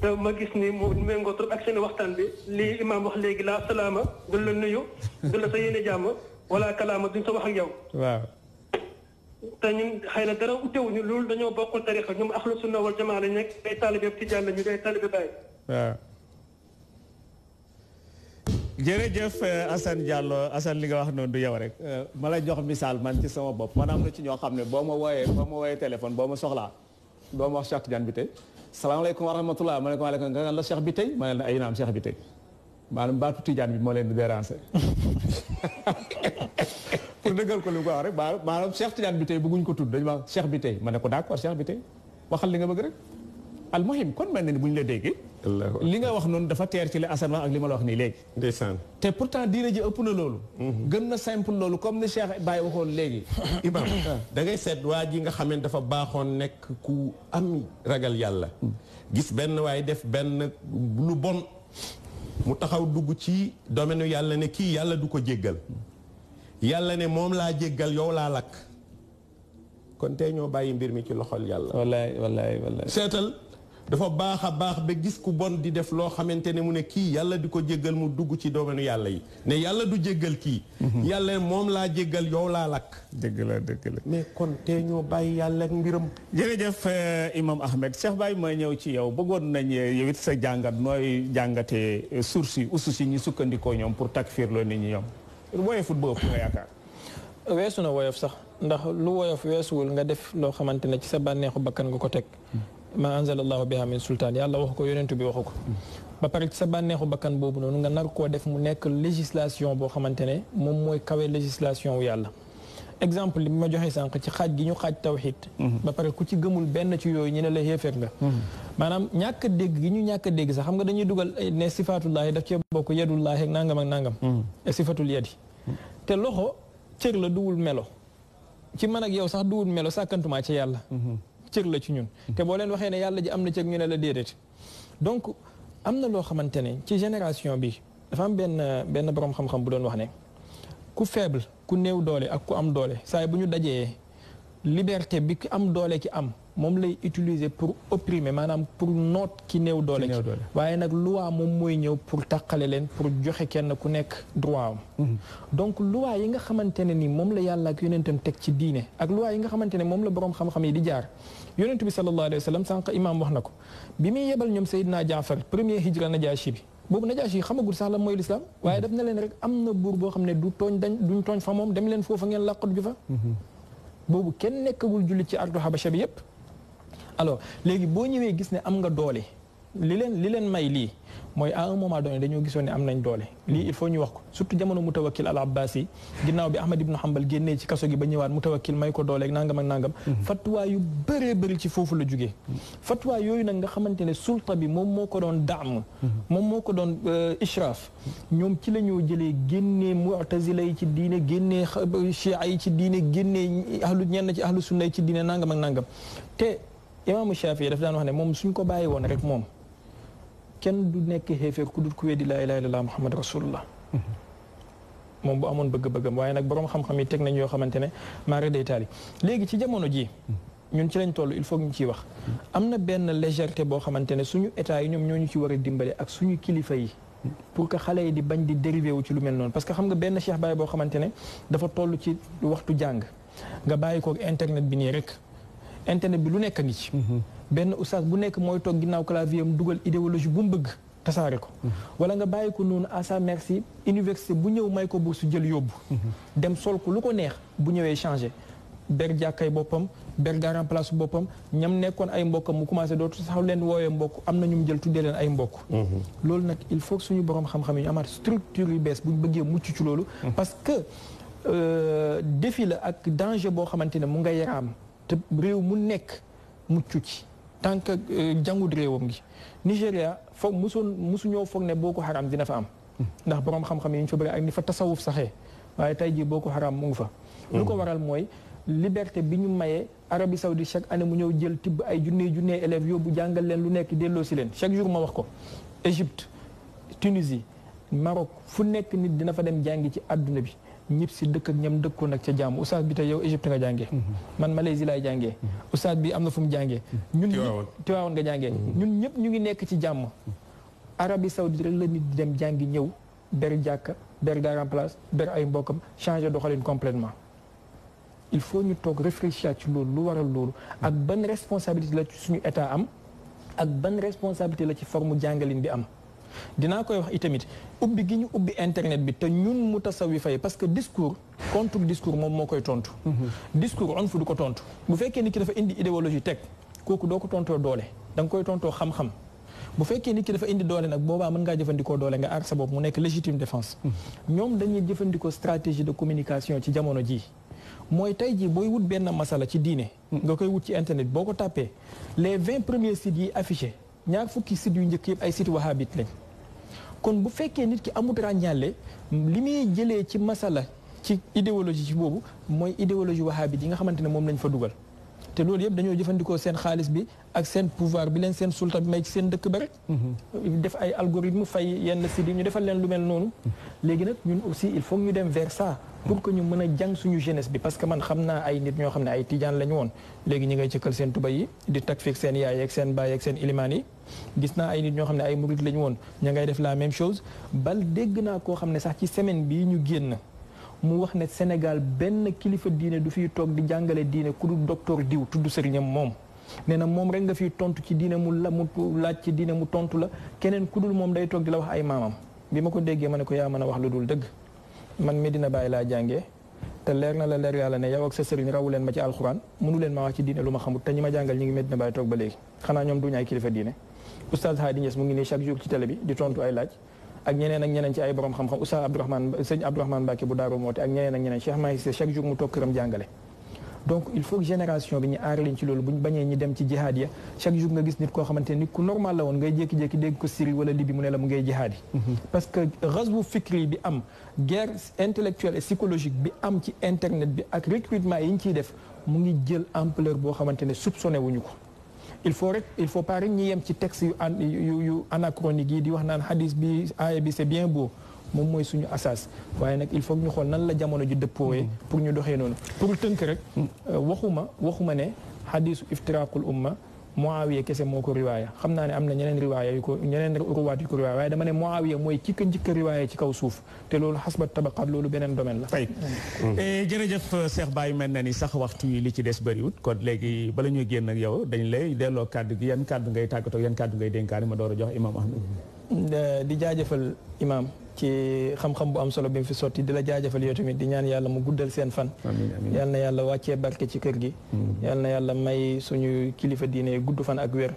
te ma gis ni mu méngoo trop ak seen waxtaan bi lii imaam wax léegi laa salaama du la nuyu. du la sa yéene jàmm wala kalaama duñ sa wax ak yow. waaw. te ñun xëy na dara utewuñu loolu dañoo bokkul tarixa ñoom axlu sunna ñu jamaa lañ nekk day taalibe tijaan lañu day taalibe bàyyi. jërëjëf euh, Assane Diallo Assane li nga wax noonu du yow rek euh, ma la jox misaal man ci sama bopp man am na ci ñoo xam ne boo ma wooyee boo ma wooyee téléphone boo ma soxlaa doo ma wax Cheikh Tidiane bi tey salaamaaleykum wa rahmatulah ma ne ko maaleykum nga la ma ne la ay naam Cheikh bi tey maanaam baatu Tidiane bi moo leen di déranger pour ko li ko wax rek maanaam Cheikh bi tey bëgguñ ko tudd dañu ma Cheikh bi ma ne ko d'accord Cheikh bi tey waxal li nga bëgg rek almuhim kon mel ni bu ñu la déggee. li nga wax noonu dafa teer ci li asan ak li ma la wax nii léegi. ndeysaan te pourtant diine ji ëpp na loolu. Mhm. gën na simple loolu comme ni Cheikh Baye waxoon léegi. Imaam da ngay seet waa ji nga xam ne dafa baaxoon nekk ku am ragal yàlla. Mm. gis benn waaye def benn lu bon mu taxaw dugg ci domaine yàlla ne kii yàlla du ko jéggal. yàlla ne moom laa jéggal yow laa lakk. kon tey ñoo bàyyi mbir mi ci loxol yàlla. wallaay wallaay wallaay seetal. dafa baax a baax ba gis ku bon di def loo xamante ne mu ne kii yàlla di ko jéggal mu dugg ci doomenu yàlla yi ne yàlla du jéggal kii mhm. yàlla moom laa jéggal yow laa lakk dëgg la dëgg la kon te ñoo bàyyi yàlla mbiram jërëjëf euh, imam ahmed Cheikh Baye mooy ñëw ci yow bëggoon nañ euh, yow it sa jàngat nooy jàngate euh, source yi usus yi ñu sukkandikoo ñoom pour fiir loo nit ñi ñoom woyofut boobu nga yaakaar weesu na woyof sax ndax lu woyof weesuwul nga def loo xamante ne ci sa bànneexu bàkkan nga ko teg hmm. ma anzala allahu biha min sultaan yàlla waxu ko yonentu bi waxu ko ba pare sa bànneexu bakkan boobu noonu nga nar koo def mu nekk législation boo xamante ne moom mooy kawe législation wu yàlla exemple li ma joxe sànq ci xaaj gi ñu xaaj tawxid mhm. ba pare ku ci gëmul benn ci yooyu ñu ne la xéeféer nga mhm. maanaam ñàkk a dégg gi ñu ñàkk a dégg sax xam nga dañuy dugal eh, ne sifatullaahi daf cee bokk yadullaahi ak nangam ak nangam mhm. eh, sifatul yadi te loxo cër la duwul melo ci man yow sax duwul melo sàkkantumaa ci yàlla cër la ci ñun te boo leen waxee ne yàlla ji am na cër ñu ne la déedéet donc am na loo xamante ne ci génération bi dafa am benn benn borom xam-xam bu doon wax ne ku faible ku néew doole ak ku am doole saa bu ñu dajee liberté bi ki am doole ki am moom lay utiliser pour opprimer maanaam pour noot ki néew doole ki waaye nag luwaa moom mooy ñëw pour tàqale leen pour joxe kenn ku nekk droit am mm-hmm. donc loi yi nga xamante ne ni moom la yàlla ak yonentam teg ci diine ak loi yi nga xamante ne moom la boroom xam yi di jaar yonent bi sallallahu alayhi wa sallam sànq imaam wax na ko bi muy yebal ñoom Seydina Jaafar premier hijra najaashi bi boobu najaashi xamagul sax lan mooy lislaam waaye daf na leen rek am na buur boo xam ne du tooñ dañ duñ tooñ fa moom dem leen foofa ngeen làqat ju fa boobu kenn nekkagul jullit ci ardu xabasha bi yépp alors léegi boo ñëwee gis ne am nga doole li leen li leen may lii mooy à un moment donné dañoo gisoon ne am nañ doole lii il faut ñu wax ko surtout jamono Mutawakkil al Abbasi ginnaaw bi Ahmad ibn Hanbal génnee ci kaso gi ba ñëwaat Mutawakkil may ko doole ak nangam ak nangam mhm. fatwa yu bëree bëri ci foofu la jugee mhm. fatwa yooyu nag nga xamante ne sulta bi moom moo ko doon daam mhm. moom moo ko doon euh, ishraaf ñoom ci la ñoo jëlee génnee mu'tazila yi ci diine génnee chia yi ci diine génnee ahlu ñenn ci ahlu sunna yi ci diine nangam ak nangam te imaamu Shaafi daf daan wax ne moom suñ ko bàyyi woon rek moom kenn du nekk xéeféer ku dul ku weddi laa ilaaha illallaah muhammad rasulullah moom bu amoon bëgg-bëggam waaye nag borom xam-xam yi teg nañ yoo xamante ne maara day taali léegi ci jamono jii ñun ci lañ toll il faut ñu ciy wax am na benn légèreté boo xamante ne suñu état yi ñoom ñoo ñu ci war dimbale ak suñu kilifa yi pour que xale yi di bañ di dérivé wu ci lu mel noonu parce que xam nga benn Cheikh Baye boo xamante ne dafa toll ci waxtu jàng nga bàyyi ko internet bi nii rek internet bi lu nekk ngi ci benn oustaz bu nekk mooy toog ginnaaw clavier am dugal idéologie bu mu bëgg tasaare ko wala nga bàyyi ko noonu à sa merci université bu ñëw may ko bu su jël yóbbu dem sol ko lu ko neex bu ñëwee changé ber jàkkay boppam ber garan place boppam ñam nekkoon ay mbokkam mu commencé dootu sax leen woowee mbokk am na jël tuddee leen ay mbokk mhm. loolu nag il faut que suñu borom xam-xam yi ñu amaat structure yu bees bu ñu bëggee mucc ci loolu mhm. parce que euh, défi la ak danger boo xamante ne mu nga yaraam te réew mu nekk mucc ci tant que euh, jàngut réewam gi Nigéria foog mosoon mosuñoo foog ne Boko Haram dina fa am ndax boroom xam-xam yi ñu fa bëri ak ni fa tasawuf saxee waaye tey jii Boko Haram mu ngi fa lu ko waral mooy liberté bi ñu mayee Arabie Saoudite chaque année mu ñëw jël tibb ay junnee junnee élèves yóbbu jàngal leen lu nekk delloo si leen chaque jour ma wax ko Égypte Tunisie Maroc fu nekk nit dina fa dem jàngi ci àdduna bi ñëpp si dëkk ak ñam dëkkoon ak ca jàmm oustaz bi te yow Égypte nga jàngee mhm. man Malaisie laay jàngee mhm. oustaz bi am na fu mu jàngee mhm. ñun Tiwaawoon nga jàngee ñun ñëpp ñu ngi nekk ci jàmm Arabie Saoudite rek la nit di dem jàngi ñëw ber jàkka ber garan place ber ay mbokkam changé doxalin complètement il faut ñu toog réfléchir ci loolu lu waral loolu ak ban responsabilité la ci suñu état am ak ban responsabilité la ci forme jàngalin bi am dinaa koy wax itamit ubbi gi ñu ubbi internet bi te ñun mu tasawi fay parce que discours contre discours moom moo koy tontu. Mhm. discours on fu du ko tontu. bu fekkee ni ki dafa indi idéologie teg kooku doo ko tontoo doole da nga koy tontoo xam-xam. bu fekkee nit ki dafa indi doole nag boobaa mën ngaa jëfandikoo doole nga aar sa bopp mu nekk légitime défense. Mhm. ñoom dañuy jëfandikoo stratégie de communication ci jamono jii. mooy tey jii booy wut benn masala ci diine. Mhm. nga koy wut ci internet boo ko tàppee les vingt premiers sites yi affiché ñaar fukki sites yu njëkk yëpp ay sites wahhabite lañ. kon bu fekkee nit ki amut ràññaale li muy jëlee ci masala ci idéologie ci boobu mooy idéologie bi yi nga xamante ne moom lañ fa dugal te loolu yëpp dañoo jëfandikoo seen xaalis bi ak seen pouvoir bi leen seen sultan bi may ci seen dëkk ba rek mhm. def ay algorithme fay yenn di ñu defal leen lu mel noonu mhm. léegi nag ñun aussi il faut ñu dem vers ça pour que ñu mën a jàng suñu jeunesse bi parce que man xam naa ay nit ñoo xam ne ay tijaan la ñu woon léegi ñi ngay cëkkal seen tuba yi di takfiik seen yaay ak seen baay ak seen ilimaan yi gis naa ay nit ñoo xam ne ay murit lañu woon ña ngay def la même chose bal dégg naa koo xam ne sax ci semaine bii ñu génn mu wax ne senegal benn kilifa diine du fi toog di jàngale diine ku dul docteur diw tudd sëriñam moom ne na moom rek nga fiy tontu ci diine mu la mu laaj ci diine mu tontu la keneen ku dul moom day toog di la wax ay maamam bi ma ko déggee ma ne ko yaa mën a wax lu dul dëgg man Medina Baye laa jàngee te leer na la leer yàlla ne yow ak sa sëriñ rawu leen ma ci alxuraan mënu leen ma wax ci diine lu ma xamut te ba léegi xanaa ñoom duñu ay kilifa diine oustaz Hadi Niass mu ngi nii chaque jour ci télé bi di tontu ay laaj ak ñeneen ak ñeneen ci ay borom xam-xam oustaz Abdourahmane sëñ Abdourahmane Mbacke bu Daaru Moote ak ñeneen ak ñeneen Cheikh Maïssa chaque jour mu toog këram jàngale donc il faut que génération bi ñu aar ci loolu bu ñu bañee ñi dem ci jihaad ya chaque jour nga gis nit koo xamante ni ku mu ne la mu ngay jihaad mhm. bi am guerre intellectuelle bi am ci internet bi ak recrutement yi ñu ciy def mu ngi jël ampleur boo xamante ne soupçonné wuñu ko il faut rek il faut pas ñi yem ci texte yu an yu yu anachronique yi di wax naan hadis bi aaya bi c'est bien beau moom mooy suñu asas waaye nag il faut ñu xool nan la jamono ji dëppoowee mm-hmm. pour ñu doxee noonu pour tënk rek mm-hmm. waxuma waxuma ne hadisu iftiraqul umma Muawiya kese moo ko riwaaya xam naa ne am na ñeneen riwaaya yu ko ñeneen ruwaat yu ko riwaaya waaye dama ne Muawiya mooy ki ka njëkk a riwaaya ci kaw suuf te loolu xasbat tabaqaat loolu beneen domaine la tey mm. eh, jërëjëf euh, Cheikh Baye mel na ni sax waxtu yi li ci des bëriwut kon léegi bala ñuy génn ak yow dañ lay delloo kàdd gi yan kàddu ngay tàggatoo yan kàddu ngay dénkaani ma door a jox imam Ahmed mm. euh, di jaajëfal imam ci xam-xam bu am solo bi fi sotti di la jaajëfal yow tamit di ñaan yàlla mu guddal seen fan yal na yàlla wàccee barke ci kër gi yàlla na yàlla may suñu kilifa diine gudd fan ak wér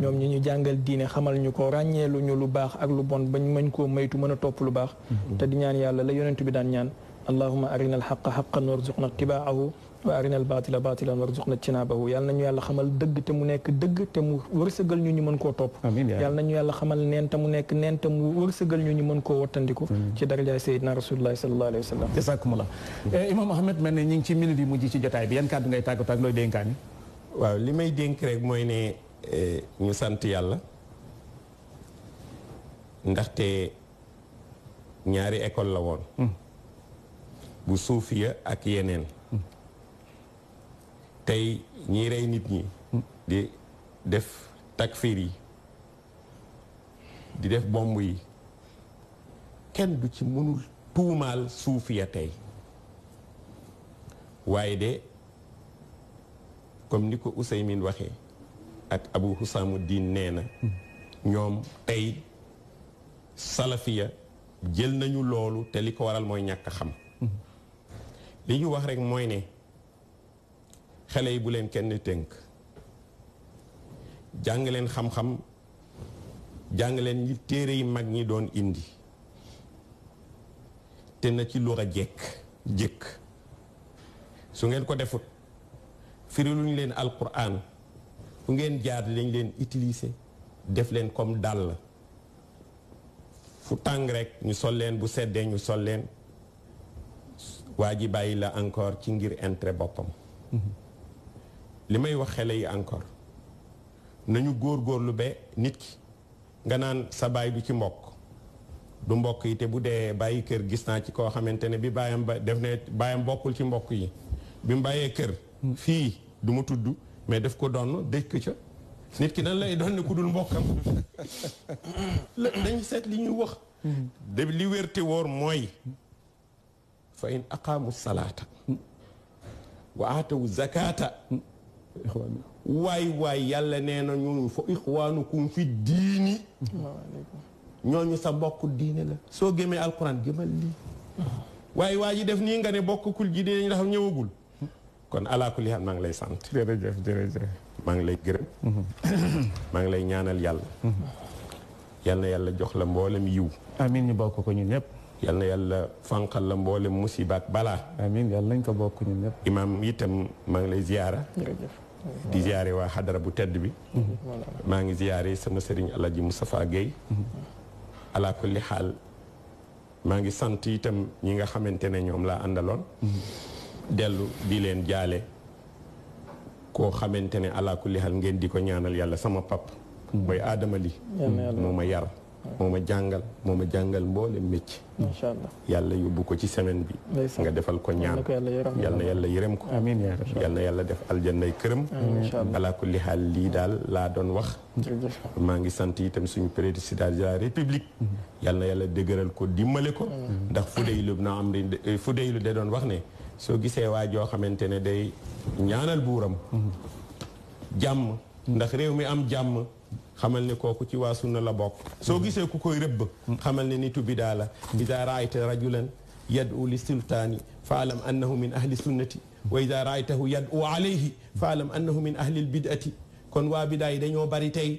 ñoom ñi ñu jàngal diine xamal ñu ko ràññee lu ñu lu baax ak lu bon bañ mañ koo maytu mën a topp lu baax mm-hmm. te di ñaan yàlla la yonent bi daan ñaan allahuma arina alxaqa xaqan warzuqna tibaahu wa arinal baatila baatilan warzuqna ijtinaabahu yàlla nañu yàlla xamal dëgg te mu nekk dëgg te mu wërsëgal ñu ñu mën koo topp yàlla nañu yàlla xamal neen te mu nekk neen te mu wërsëgal ñu ñu mën koo wattandiku ci darajaay sayidina rasulullahi sallallahu alayhi wa sallam jasakumullah eh, imam ahmed mel ne ñi ngi ci minute yi mujj ci jotaay bi yan kàddu ngay tàggatoo ak looy dénkaani waaw li may dénk rek mooy ne eh, ñu sant yàlla ndaxte ñaari école la woon hmm. bu suufiya ak yeneen tey ñiy rey nit ñi di def takfir yi di def bomb yi kenn du ci mënul tuumaal suufiya tey waaye de comme ni ko Usaymin waxee ak Abu Husamuddin nee na ñoom tey salafiya jël nañu loolu te li ko waral mooy ñàkk xam li ñu wax rek mooy ne xele yi bu leen kenn tënk jàng leen xam-xam jàng leen ñi téere yi mag ñi doon indi te na ci luxa jekk jëkk su ngeen ko defut firiluñ leen alquran fu ngeen jaar dañ leen utiliser def leen comme dàll fu tàng rek ñu sol leen bu seddee ñu sol leen waa ji bàyyi la encore ci ngir intérêt boppam mhm. li may wax xele yi encore nañu góor góorgóorlu be nit ki nga naan sa baay du ci mbokk du mbokk yi te bu dee bàyyi kër gis naa ci koo xamante ne bi baayam ba def ne baayam bokkul ci mbokk yi bi mu bàyyee kër fii du mu tudd mais daf ko donn dëj ko ca nit ki nan lay doon ne ku dul mbokkam dañu seet li ñuy wax de li wérte te wóor mooy fa in aqaamu salaata wa aatawu waay waay yàlla nee na ñooñu fa ixwaanukum fi diini ñooñu sa bokk diine la soo gémee alquran gémal lii waaye waa ji def nii nga ne bokkul ji diine ñu dafa ñëwagul kon alaa kulli haal maa ngi lay sant jërëjëf jërëjëf maa ngi lay gërëm mhm. maa ngi lay ñaanal yàlla mhm. yàlla jox la mboolem yiw amiin ñu bokk ko ñun ñëpp yal yàlla fànqal la mboolem musibaak balaa amiin yàlla nañ ko bokk ñun ñëpp imaam itam maa ngi lay ziyaara di ziare waa xadara bu tedd bi maa ngi ziare sama sëriñ alaji Moustapha Guèye ala kulli xaal maa ngi sant itam ñi nga xamante ne ñoom laa àndaloon dellu di leen jaale koo xamante ne ala xaal ngeen di ko ñaanal yàlla sama pap mooy aadama li moo ma yar moo ma jàngal moom ma jàngal mboole métier. macha yàlla yóbbu ko ci semaine bi. nga defal ko ñaan yal na yàlla yërëm ko. amiin yal na yàlla def aljannay këram. ala kulli xaal lii daal laa doon wax. maa ngi sant itam suñu président de la république. Mm-hmm. yal yàlla dëgëral ko dimmale ko. Mm-hmm. ndax fu ibn Amr Fudaylu da doon wax ne soo gisee waa joo xamante ne day ñaanal buuram. Mm-hmm. jàmm ndax réew mi am jàmm. xamal ne kooku ci waa sunna la bokk soo gisee ku koy rëbb xamal ne nitu bidaa la ida raayta rajulan yad'u li sultaani faalam annahu min ahli sunnati wa ida raaytahu yad'u alayhi faalam annahu min ahli lbidati kon waa bidaa yi dañoo bari tey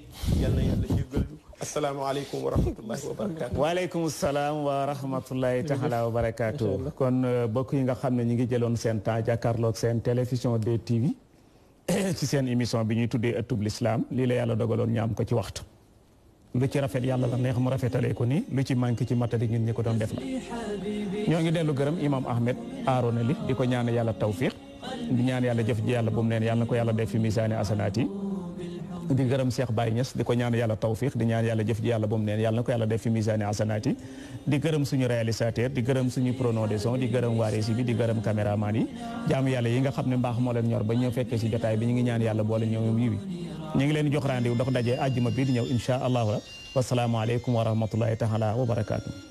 yal na yàlla jéggal ñu asalaamaaleykum wa rahmatullahi wa waaleykum salaam wa rahmatullahi taala wa barakaatu kon euh, bokk yi nga xam ne ñi ngi jëloon seen temps jàkkaarloog seen télévision DTV ci seen émission bi ñuy tuddee ëttub lislaam lii la yàlla dogaloon ñu am ko ci waxtu lu ci rafet yàlla la neex mu rafetalee ko ni lu ci manqué ci matari ñun ñi ko doon def la ñoo ngi dellu gërëm imam ahmed aarona li di ko ñaan yàlla tawfiq di ñaan yàlla jëf ji yàlla bu mu neen yàlla na ko yàlla def fi misaani asanaat yi di gërëm Cheikh Baye Niass di ko ñaan yàlla tawfiq di ñaan yàlla jëf ji yàlla ba neen yàlla na ko yàlla def fi misaani asanaati di gërëm suñu réalisateur di gërëm suñu preneur son di gërëm waa régie bi di gërëm caméraman yi jaamu yàlla yi nga xam ne mbaax moo leen ñor ba ñoo fekkee si jotaay bi ñu ngi ñaan yàlla boole ñoom yi ñu ngi leen jox rendez-vous dox dajee àjjuma bi di ñëw insha allahu wasalaamu aleykum wa rahmatullahi taala wa barakaatu